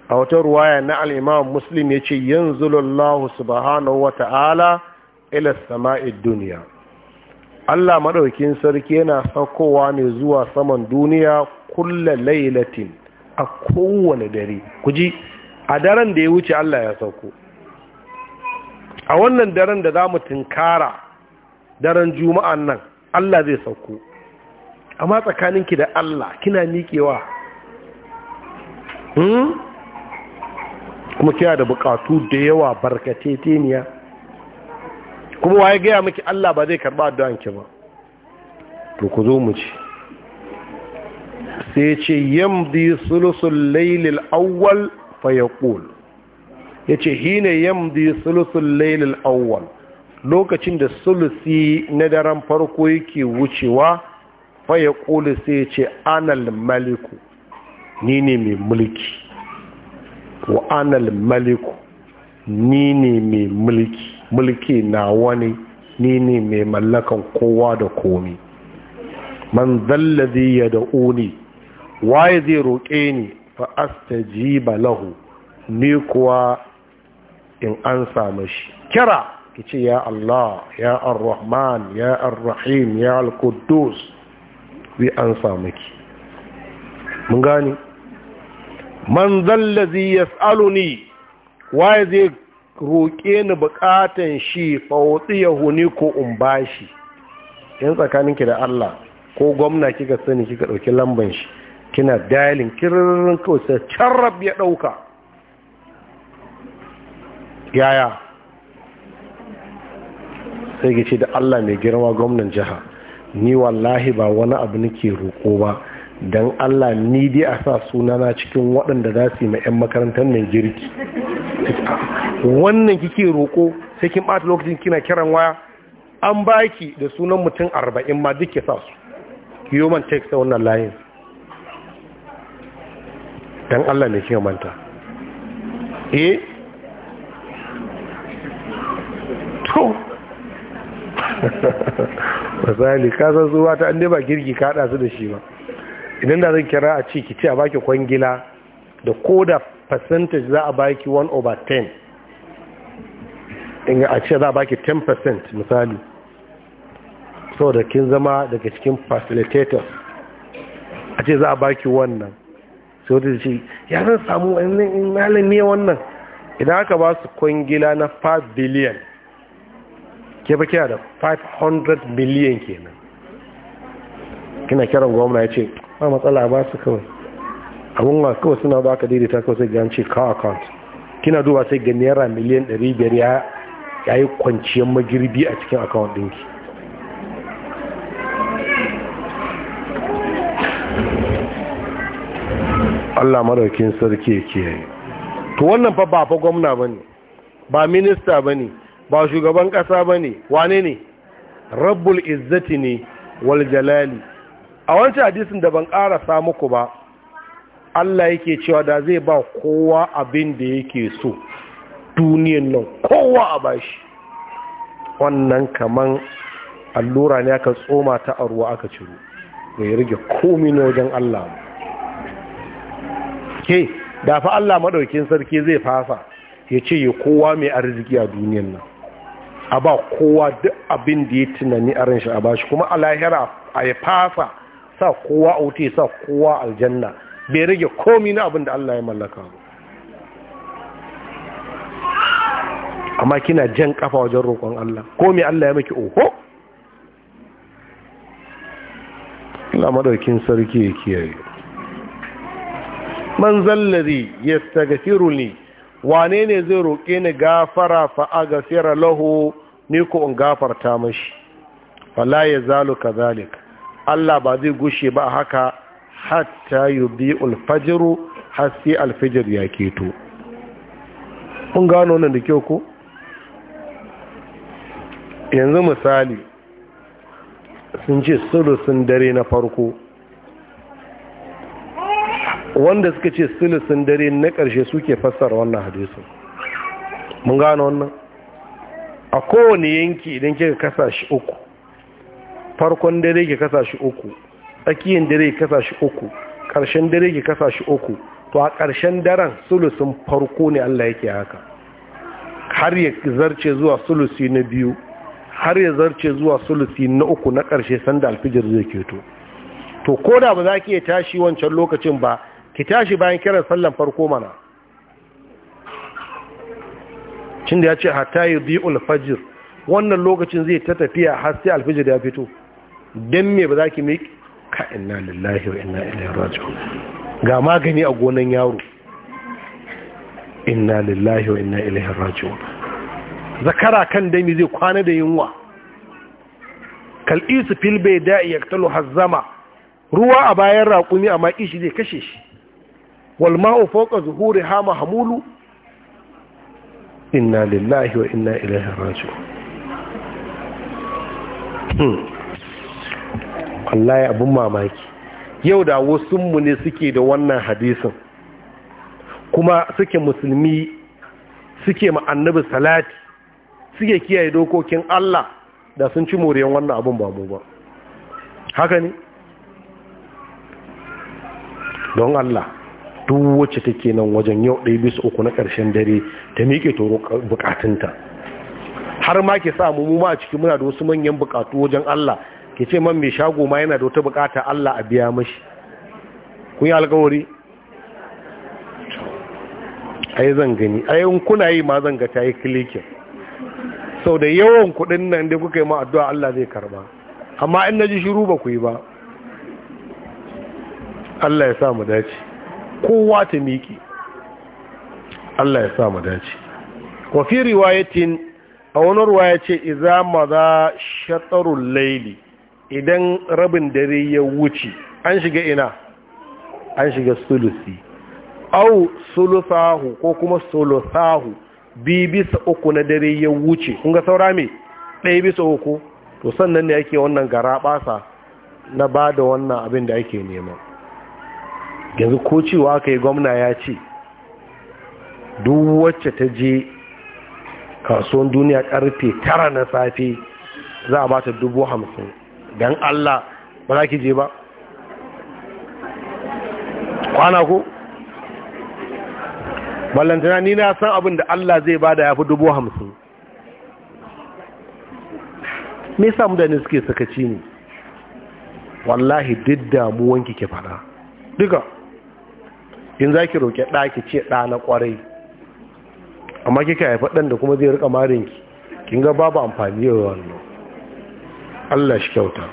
a wata ruwaya na al'imam muslim ya ce yin zulullahu subhanahu wa ta'ala ila sama'id duniya Allah maɗaukin sarki yana saukowa ne zuwa saman duniya kulla lailatin a kowane dare ku ji a daren da ya wuce Allah ya sauko a wannan daren da za mu tunkara daren juma'an nan Allah zai sauko amma tsakaninki da Allah kina miƙewa hmm? kuma kina da bukatu da yawa barkate teniya kuma waye gaya miki Allah ba zai karba addu'anki ba to ku zo mu ci sai ce yamdi sulusul laylil awwal fa yaqul yace hina yamdi sulusul laylil awwal lokacin da sulusi na daren farko yake wucewa fa yaqul sai ce anal maliku ni ne mai mulki wa anal maliku ni ne mai mulki mulki na wani ni ne mai mallakan kowa da komi man zallazi ya da'uni waye zai roƙe ni fa astajiba lahu ni kuwa in an samu shi kira ki ce ya Allah ya ar-Rahman ya ar-Rahim ya al-Quddus zai an samu ki mun gani man zallazi ni, waye zai roƙe ni buƙatan shi fawotsi huni ko in bashi tsakanin tsakaninki da Allah ko gwamna kika sani kika ɗauki lamban shi kina dialing kirrin kawai sai ya ɗauka yaya sai gici da Allah mai girma gwamnan jiha ni wallahi ba wani abu nake roƙo ba don allah ni dai a sa sunana cikin waɗanda za su yi ma 'yan makarantar mai jirgi wannan kike roƙo sai kin ɓata lokacin kina kiran waya an baki da sunan mutum arba'in ma duk ya sa su human text a wannan layin don allah mai kiyar manta eh to misali kasar zuwa ta an ba girgi kaɗa su da shi ba idan da zai kira a ce ki ce a baki kwangila da ko da percentage za a baki 1 over 10 in a ce za a baki 10% misali so da kin zama daga cikin facilitator a ce za a baki wannan so da ce ya zan samu wannan ne wannan idan aka ba su kwangila na 5 billion ke ba da 500 million kenan kina kiran gwamna ya ce ba matsala ba su kawai abin wa kawai suna ba ka daidaita kawai sai ce kawo account kina duba sai ga naira miliyan 500 ya ya yi kwanciyar magirbi a cikin account ɗinki Allah maraukin sarki ya kiyaye to wannan fa ba fa gwamna bane ba minista bane ba shugaban kasa bane wane ne rabbul izzati ne wal jalali a wancan hadisin da ban ƙara ƙarasa muku ba Allah yake cewa da zai ba kowa abin da yake so duniyan nan kowa a bashi wannan kaman allura ne aka tsoma ta a ruwa aka ciro ya rage komi na wajen Allah ke dafa Allah maɗaukin sarki zai fasa ya ce ya kowa mai arziki a duniyan nan a ba kowa duk abin da ya tunani a ran a bashi kuma a lahira a ya fasa sa kowa a wuce sa kowa aljanna bai rage komi na abin da Allah ya mallaka ba amma kina jan kafa wajen roƙon Allah komi Allah ya maki oho Allah madaukin sarki ya kiyaye man zallazi yastaghfiruni wane ne zai roƙe ni gafara fa aghfira lahu ni ko in gafarta mashi wala yazalu kadhalika Allah ba zai gushe ba haka hatta yubi alfajiru har sai alfijir ya keto kun gano nan da kyau ko yanzu misali sun ce sulusun dare na farko wanda suka ce sulusun dare na ƙarshe suke fassara wannan hadisu mun gano wannan a kowane yanki idan kika kasa shi uku farkon dare ki kasa shi uku tsakiyan dare ki kasa shi uku ƙarshen dare ki kasa shi uku to a ƙarshen daren sulusun farko ne Allah yake haka har ya zarce zuwa sulusi na biyu har ya zarce zuwa sulusi na uku na ƙarshe sanda alfijir zai keto to ko da ba za ki iya tashi wancan lokacin ba ki tashi bayan kiran sallan farko mana cin da ya ce hatta yi biyu alfajir wannan lokacin zai ta tafiya har sai alfijir ya fito don me ba za ki mai ka inna lillahi wa inna ilaihi raji'un ga magani a gonan yaro inna lillahi wa inna ilaihi raji'un zakara kan dami zai kwana da yunwa kal'isu fil bai da'i talo hazzama ruwa a bayan raƙumi a maƙi shi zai kashe shi wal ma'u fawqa zuhuri hama hamulu? inna lillahi wa inna ilaihi raji'un hmm. wallahi abin mamaki yau da wasu mu ne suke da wannan hadisin kuma suke musulmi suke ma annabi salati suke kiyaye dokokin Allah da sun ci moriyan wannan abin ba ba haka ne don Allah duk wacce take nan wajen yau ɗaya bisa uku na ƙarshen dare ta miƙe toro bukatunta har ma ke samu mu ma a ciki muna da wasu manyan bukatu wajen Allah ki ce man mai shago ma yana da wata bukata Allah a biya mashi kun yi alkawari ai zan gani ai in kuna yi ma zan ga ta yi kilikin sau da yawan kudin nan da kuka yi ma addu'a Allah zai karba amma in na ji shiru ba ku yi ba Allah ya sa mu dace kowa ta miki Allah ya sa mu dace kwafi riwayatin a wani ruwa ya ce iza za shatarun laili idan rabin dare ya wuce an shiga ina an shiga sulusi au sulusahu ko kuma sulusahu bi bisa uku na dare ya wuce kun ga saura me ɗaya bisa uku to sannan ne ake wannan gara basa na ba da wannan abin da ake nema yanzu ko cewa aka yi gwamna ya ce duk wacce ta je kasuwan duniya karfe tara na safe za a ba ta dubu hamsin Dan Allah ba za ki je ba kwana ko ballantana ni na san abin da Allah zai bada ya fi dubu hamsin me sa mutane suke sakaci ne wallahi duk damuwanki ke fada duka in za ki roƙe ɗa ki ce ɗa na kwarai. amma kika haifa ɗan da kuma zai riƙa marinki kin ga babu amfani yau wannan Allah shi kyauta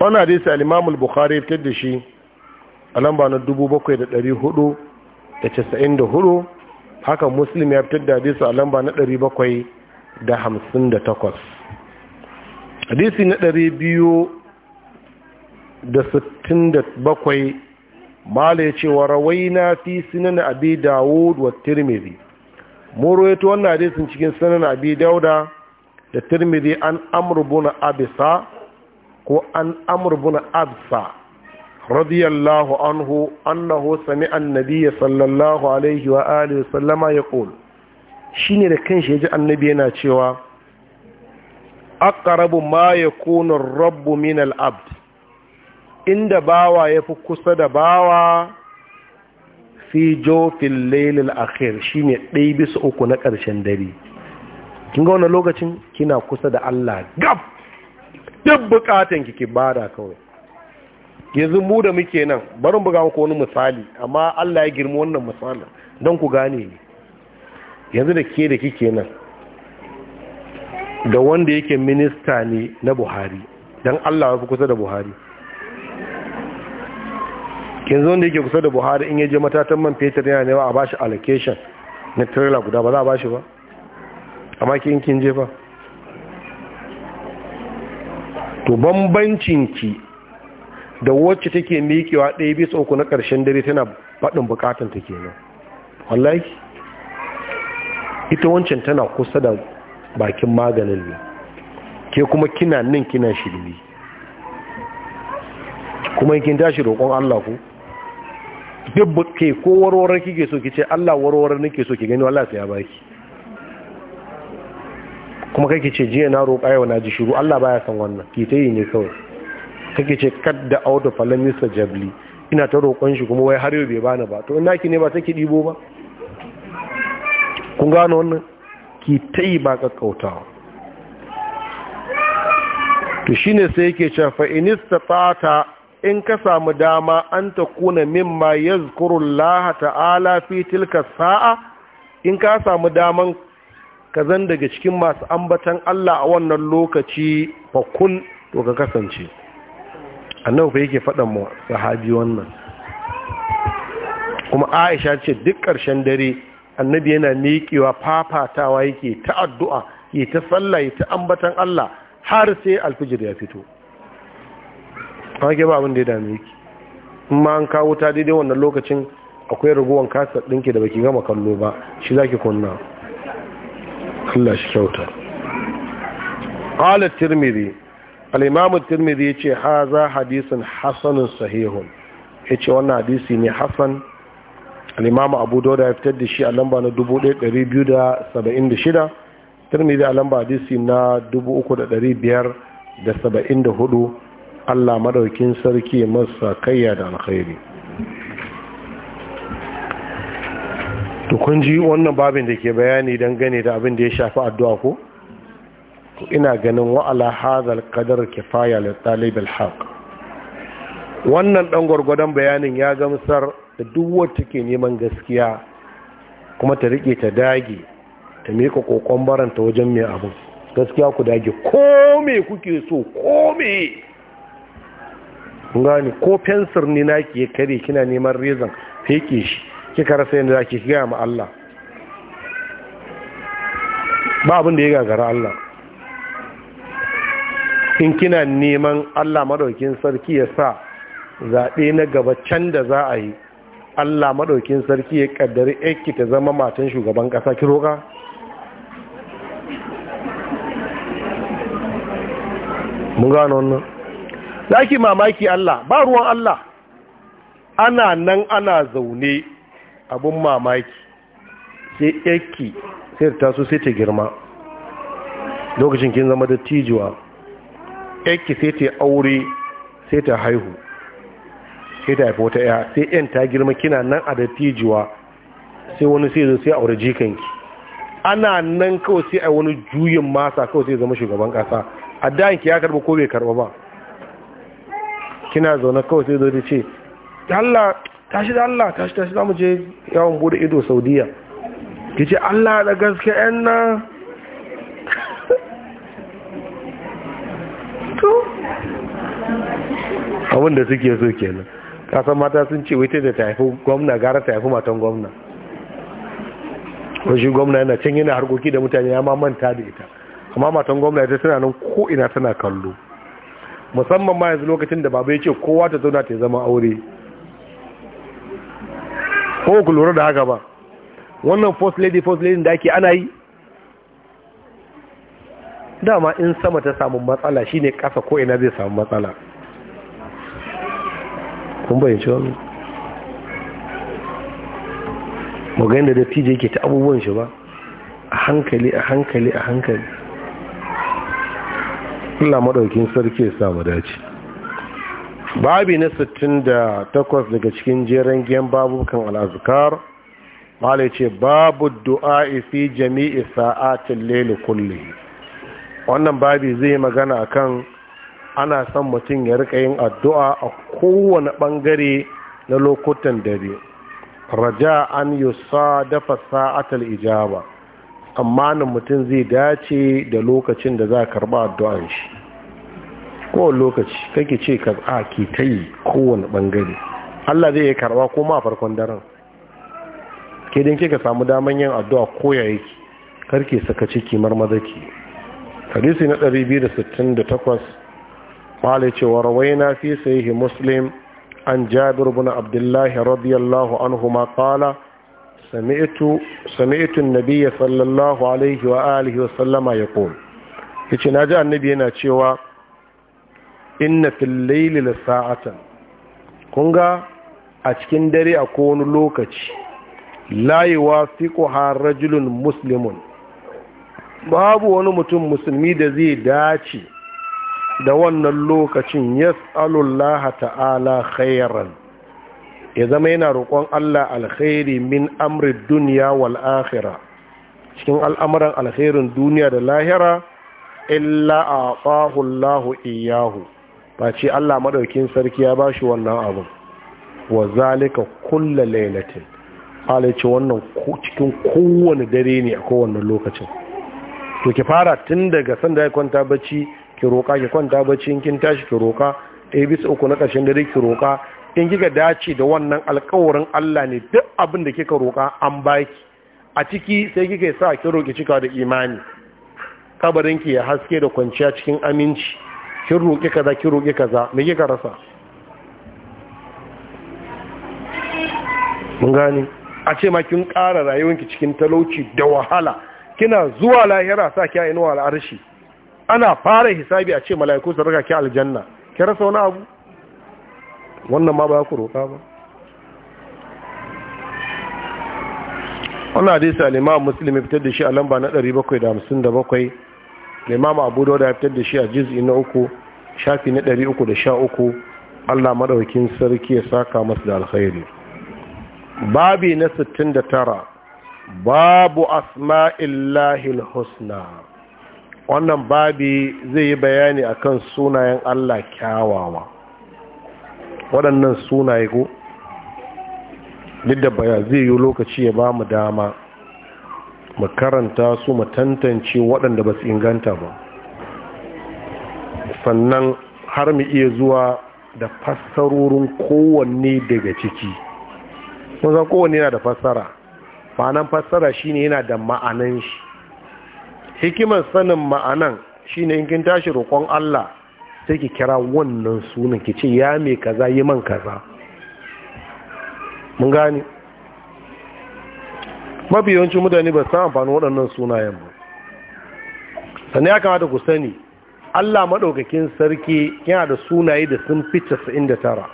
wani hadisi al-Imam al-Bukhari fitar da shi a lamba na 7494 haka Muslim ya fitar da hadisi a lamba na 758 hadisi na 267 mala ya ce wa rawai na fi sinan abi dawud wa tirmidhi mu ta wannan hadisin cikin sanan abi da. da tirmidhi an amr ibn abisa ko an amr ibn absa radiyallahu anhu annahu sami an-nabiy sallallahu alaihi wa alihi sallama Shi ne da kanshi yaji annabi yana cewa aqrabu ma yakunu ar rabu min al-abd inda bawa yafi kusa da bawa fi jofin lailil akhir shine ɗaya bisa uku na ƙarshen dare kin ga wannan lokacin kina kusa da Allah gab duk bukatun ki ki bada kawai yanzu mu da muke nan barin buga muku wani misali amma Allah ya girma wannan misalin don ku gane ni yanzu da ke da kike nan da wanda yake minista ne na Buhari dan Allah ya fi kusa da Buhari yanzu wanda yake kusa da Buhari in ya je matatan man fetur yana ne ba a bashi allocation na trailer guda ba za a bashi ba amma kin in je ba to bambancin ki da wacce take miƙewa ɗaya bisa uku na ƙarshen dare tana faɗin bukatun ta kenan wallahi ita wancan tana kusa da bakin maganin ne ke kuma kina nan kina shirme kuma kin tashi roƙon Allah ku duk ke ko warwarar kike so kice Allah warwarar nake so ki gani wallahi sai ya baki kuma kake ce jiya na roƙa yau na ji shiru Allah baya san wannan ki ta yi ne kawai kake ce kadda auto falan Mr. jabli ina ta roƙon shi kuma wai har yau bai bani ba to ina ki ne ba take ɗibo ba kun gano wannan ki ta yi ba kakkautawa to shine sai yake cewa fa inistata in ka samu dama an ta kuna mimma yazkurullaha ta'ala fi tilka sa'a in ka samu daman Ka zan daga cikin masu ambatan Allah a wannan lokaci fakun to ka kasance annabi fa yake faɗan mu sahabi wannan kuma Aisha ce duk ƙarshen dare annabi yana miƙewa fafatawa yake ta addu'a yi ta sallah yi ta ambatan Allah har sai alfijir ya fito ke ba abin ya dame ki an kawo ta daidai wannan lokacin akwai raguwan kasa ɗinki da baki gama kallo ba shi zaki kunna Allah shi kyauta qala tirmidhi al-imam tirmidhi yace haza hadisin Hassanun sahihun Ya ce wannan hadisi ne hasan al-imam abu dawud ya fitar da shi a lamba na 1276 tirmidhi a lamba hadisi na 3574 Allah maɗaukin sarki masa kayya da alkhairi to kun ji wannan babin da ke bayani don gane da abin da ya shafi addu'a ko ina ganin wa'ala hazal kadar kifaya da talibin haq wannan ɗan gwargwadon bayanin ya gamsar da duk wata ke neman gaskiya kuma ta rike ta dage ta mika kokon baranta wajen mai abu gaskiya ku dage ko me kuke so ko me ko fensir ne naki ya kare kina neman rezan feke shi kika rasa yadda zaki gaya ma Allah ba abin da ya gagara Allah in kina neman Allah madaukin sarki ya sa zaɓe na gaba can da za a yi Allah madaukin sarki ya kaddari aiki ta zama matan shugaban ƙasa ki roƙa mun gano wannan za ki mamaki Allah ba ruwan Allah ana nan ana zaune abun mamaki sai yakki sai ta taso sai ta girma lokacin kin zama da tijuwa yakki sai ta aure sai ta haihu sai ta haifi wata ya sai yan ta girma kina nan a da tijuwa sai wani sai zo sai aure jikanki ana nan kawai sai a wani juyin masa kawai sai zama shugaban kasa a ki ya karba ko bai karba ba kina zaune kawai sai zo ce Allah tashi da Allah tashi tashi za mu je yawon bude ido saudiya ki ce Allah da gaske yan nan to abinda suke so kenan kasan mata sun ce wita da ta haifi gwamna gara ta haifi matan gwamna shi gwamna yana can yana harkoki da mutane ya manta da ita amma matan gwamna ita tana nan ko ina tana kallo musamman ma yanzu lokacin da baba ya ce kowa ta zauna ta zama aure ko ku lura da haka ba wannan first lady first lady da ake ana yi dama in sama ta samu matsala shine kasa ko ina zai samu matsala kun shi wani magayin da dattijo ke ta abubuwan shi ba a hankali a hankali a hankali Allah maɗaukin sarki ya samu dace babi na 68 daga cikin jeren giyan babukan al'azkar malai ce babu du'a fi jami'i sa'atin lele kulle wannan babi zai magana akan ana son mutum ya rika yin addu'a a kowane bangare na lokutan dare raja an yusa dafa sa'atar ijaba amma mutum zai dace da lokacin da za a karba addu'an shi kowane lokaci kake ce ka a ke ta yi kowane bangare Allah zai yi karba ko ma farkon daren ke din kika samu daman yin addu'a ko koya yi karke saka ciki marmaza ki hadisi na 268 malai cewa na fi sahihi muslim an jabir bin abdullahi radiyallahu anhu ma qala sami'tu sami'tu an-nabiy sallallahu alaihi wa alihi wa sallama yaqul yace naji annabi yana cewa inna fil layli kun ga a cikin dare a wani lokaci la yuwafiquha rajulun muslimun babu wani mutum musulmi da zai dace da wannan lokacin yas'alullah ta'ala khairan ya zama yana roƙon Allah alkhairi min amri duniya wal akhirah cikin al'amuran alkhairin duniya da lahira illa a Allahu iyahu ce Allah madaukin sarki ya bashi wannan abu wa zalika kulla lailatin Allah ce wannan cikin kowane dare ne a kowane lokacin to ki fara tun daga sanda ya kwanta bacci ki roka ki kwanta bacci in kin tashi ki roka ɗaya bisa uku na ƙarshen dare ki roka in kika dace da wannan alkawarin Allah ne duk abin da kika roka an baki a ciki sai kika sa ki roki cika da imani kabarinki ya haske da kwanciya cikin aminci kin roƙi kaza kin roƙi kaza me kika rasa mun gane a ce ma kin ƙara rayuwanki cikin talauci da wahala kina zuwa lahira sa kiya inuwa al'arshi ana fara hisabi a ce mala'iku su raka ki aljanna ki rasa wani abu wannan ma ba ku roƙa ba wannan hadisi al-Imam Muslim fitar da shi a lamba na 757 limamu abu da ya fitar da shi a jiz'i na uku shafi na ɗari uku da sha uku allah maɗaukin sarki ya saka masu da alkhairi babi na sittin da tara babu asma'illahil husna wannan babi zai yi bayani akan sunayen allah kyawawa waɗannan sunaye ko duk da baya zai yi lokaci ya ba mu dama mu karanta su mu tantance waɗanda ba su inganta ba sannan har mu iya zuwa da fassarorin kowanne daga ciki kusan kowanne yana da fassara ma'anan fassara shine yana da ma'anan shi hikimar sanin ma'anan shine in kin tashi roƙon Allah sai ki kira wannan sunan ki ce ya mai kaza yi man kaza mun gane mafi yawancin mutane ba san amfanin waɗannan sunayen ba sannan ya kamata ku sani allah maɗaukakin sarki yana da sunaye da sun fi 99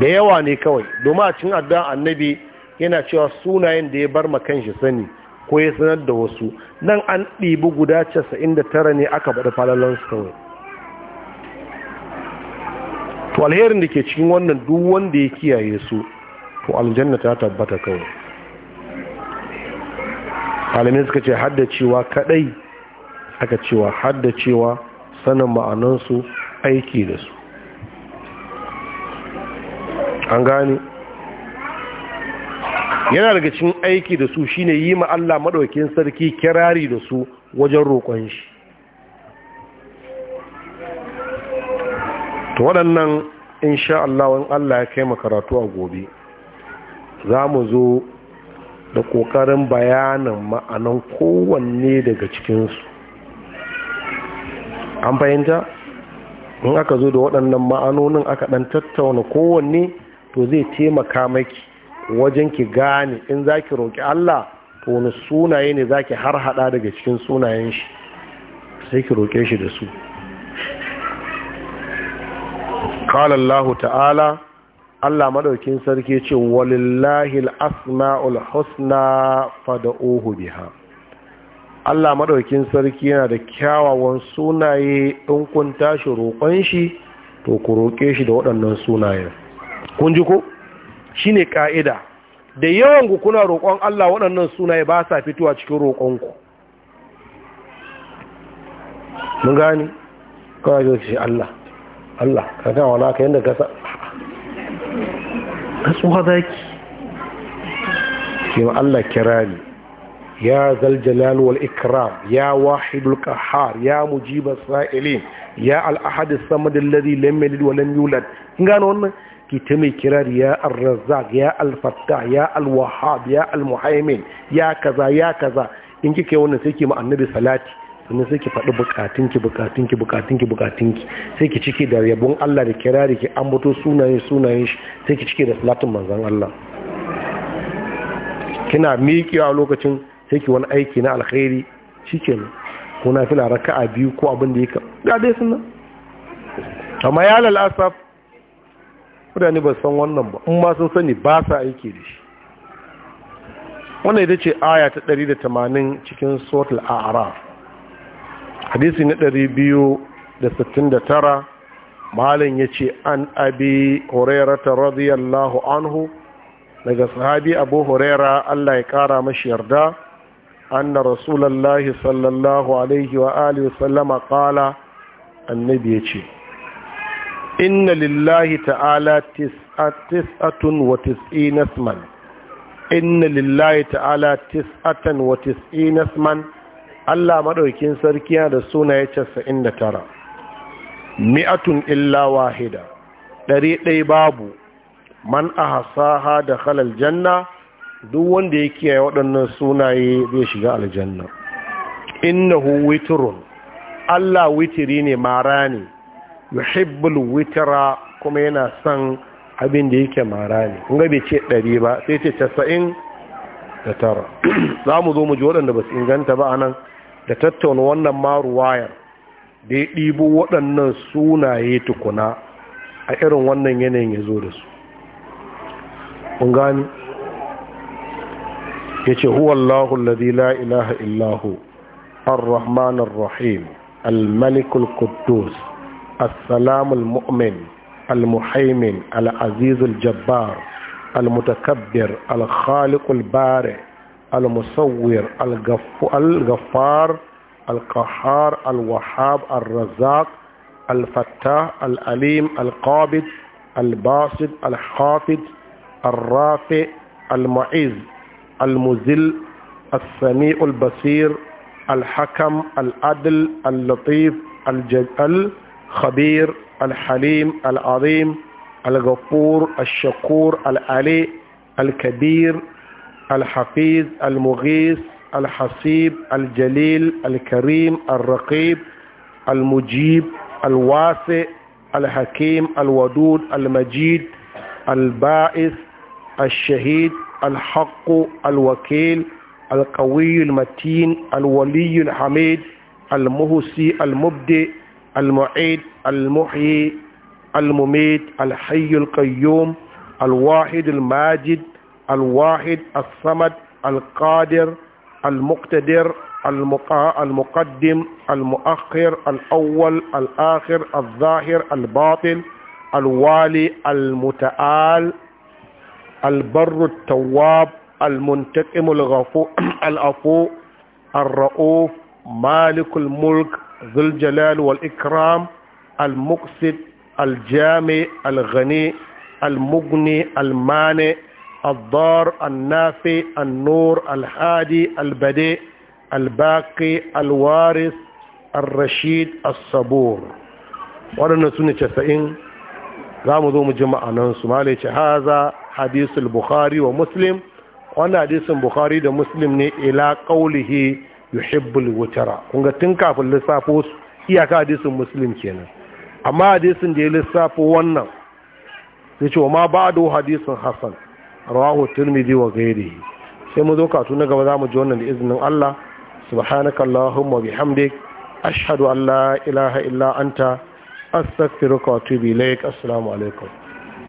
da yawa ne kawai domin a cin addu'an annabi yana cewa sunayen da ya bar makan shi sani ko ya sanar da wasu nan an ɗibi guda 99 ne aka faɗi falalansu kawai to alherin da ke cikin wannan duk wanda ya kiyaye su to aljanna ta tabbata kawai malamai suka ce cewa kadai aka cewa cewa sanin ma'anansu aiki da su an gane yana daga cikin aiki da su shine yi ma Allah madaukakin sarki kirari da su wajen roƙon shi to waɗannan insha Allah Allah ya kai karatu a gobe za mu zo da ƙoƙarin bayanin ma'anan kowanne daga cikinsu an fahimta in aka zo da waɗannan ma'anonin aka ɗan tattauna kowanne to zai taimaka maki wajen ki gane in za ki roƙi Allah to wani sunaye ne za ki har haɗa daga cikin sunayen shi sai ki roƙe shi da su قال ta'ala. Allah madaukin sarki ce walillahi asmaul husna fad'uhu biha Allah madaukin sarki yana da kyawawan sunaye in kun tashi roƙon shi to ku roƙe shi da waɗannan sunayen kun ji ko shine ka'ida da yawan ku kuna roƙon Allah waɗannan sunaye ba sa fitowa cikin roƙon ku mun gani Kana shi Allah Allah kaga wala ka yanda ka ka tsuwa zaki ke ma Allah kirari ya zaljalal wal ikram ya wahidul qahhar ya mujibas sa'ilin ya al-ahad as-samad alladhi wa lam yulad gano wannan ki ta mai kirar ya ar-razzaq ya al-fattah ya al ya al ya kaza ya kaza in kike wannan sai ki ma annabi salati sannan sai ki faɗi bukatunki bukatunki bukatunki bukatunki sai ki cike da yabon Allah da kirari ki ambato sunaye sunaye shi sai ki cike da salatin manzon Allah kina miƙewa lokacin sai ki wani aiki na alkhairi shikenan ko na fila raka'a biyu ko abin da yake ga dai sunan amma ya lal mutane ba san wannan ba in ba sun sani ba sa aiki da shi wannan ita ce aya ta 180 cikin suratul a'raf hadisi na ɗari biyu da sittin da tara malin ya ce an abi hurairata radiyallahu anhu daga sahabi abu huraira allah ya kara mashi yarda anna rasulallahi sallallahu alaihi wa alihi sallama kala annabi ya ce inna lillahi ta'ala tis'atun wa tis'inasman inna lillahi ta'ala tis'atan wa tis'inasman isman Allah maɗaukin sarki yana da sunaye casa'in da tara mi'atun illa wahida ɗari ɗaya babu man ahasaha da halal janna duk wanda ya kiyaye waɗannan sunaye zai shiga aljanna innahu witrun Allah witiri ne mara ne yuhibbul witra kuma yana son abin da yake mara ne kun bai ce ɗari ba sai ce casa'in da tara za mu zo mu ji waɗanda ba su inganta ba a nan da tattauna wannan maruwayar da ya ɗibo waɗannan sunaye tukuna a irin wannan yanayin ya zo da su kun gani ya ce huwallahu alladhi la ilaha illahu ar-rahman ar-rahim al-malik al muhaimin Al azizul jabbar Al mutakabbir Al khaliqul bare. المصور الغفار القهار الوهاب الرزاق الفتاح العليم القابض الباسط الحافظ الرافع المعز المذل السميع البصير الحكم العدل اللطيف الجل الخبير الحليم العظيم الغفور الشكور العلي الكبير الحفيظ المغيث الحصيب الجليل الكريم الرقيب المجيب الواسع الحكيم الودود المجيد البائس الشهيد الحق الوكيل القوي المتين الولي الحميد المهسي المبدئ المعيد المحيي المميت الحي القيوم الواحد الماجد الواحد الصمد القادر المقتدر المقدم المؤخر الأول الآخر الظاهر الباطن الوالي المتعال البر التواب المنتقم الغفو الرؤوف مالك الملك ذو الجلال والإكرام المقسط الجامع الغني المغني المانع الضار النافي النور الهادي البديء الباقي الوارث الرشيد الصبور waɗanda su ne casa'in za mu zo mu ji ma'anansu malai haza hadisul bukhari wa muslim wanda hadisun bukhari da muslim ne ila ƙaulihi yuhibbul wutara kunga tun kafin lissafo su iyaka hadisun muslim kenan amma hadisun da ya lissafo wannan ya wa ma ba da hadisun hassan rawahu tirmidhi wa ghairihi sai mu zo katu na gaba zamu ji wannan da izinin Allah subhanaka allahumma bihamdik ashhadu an la ilaha illa anta astaghfiruka wa atubu ilaik assalamu alaikum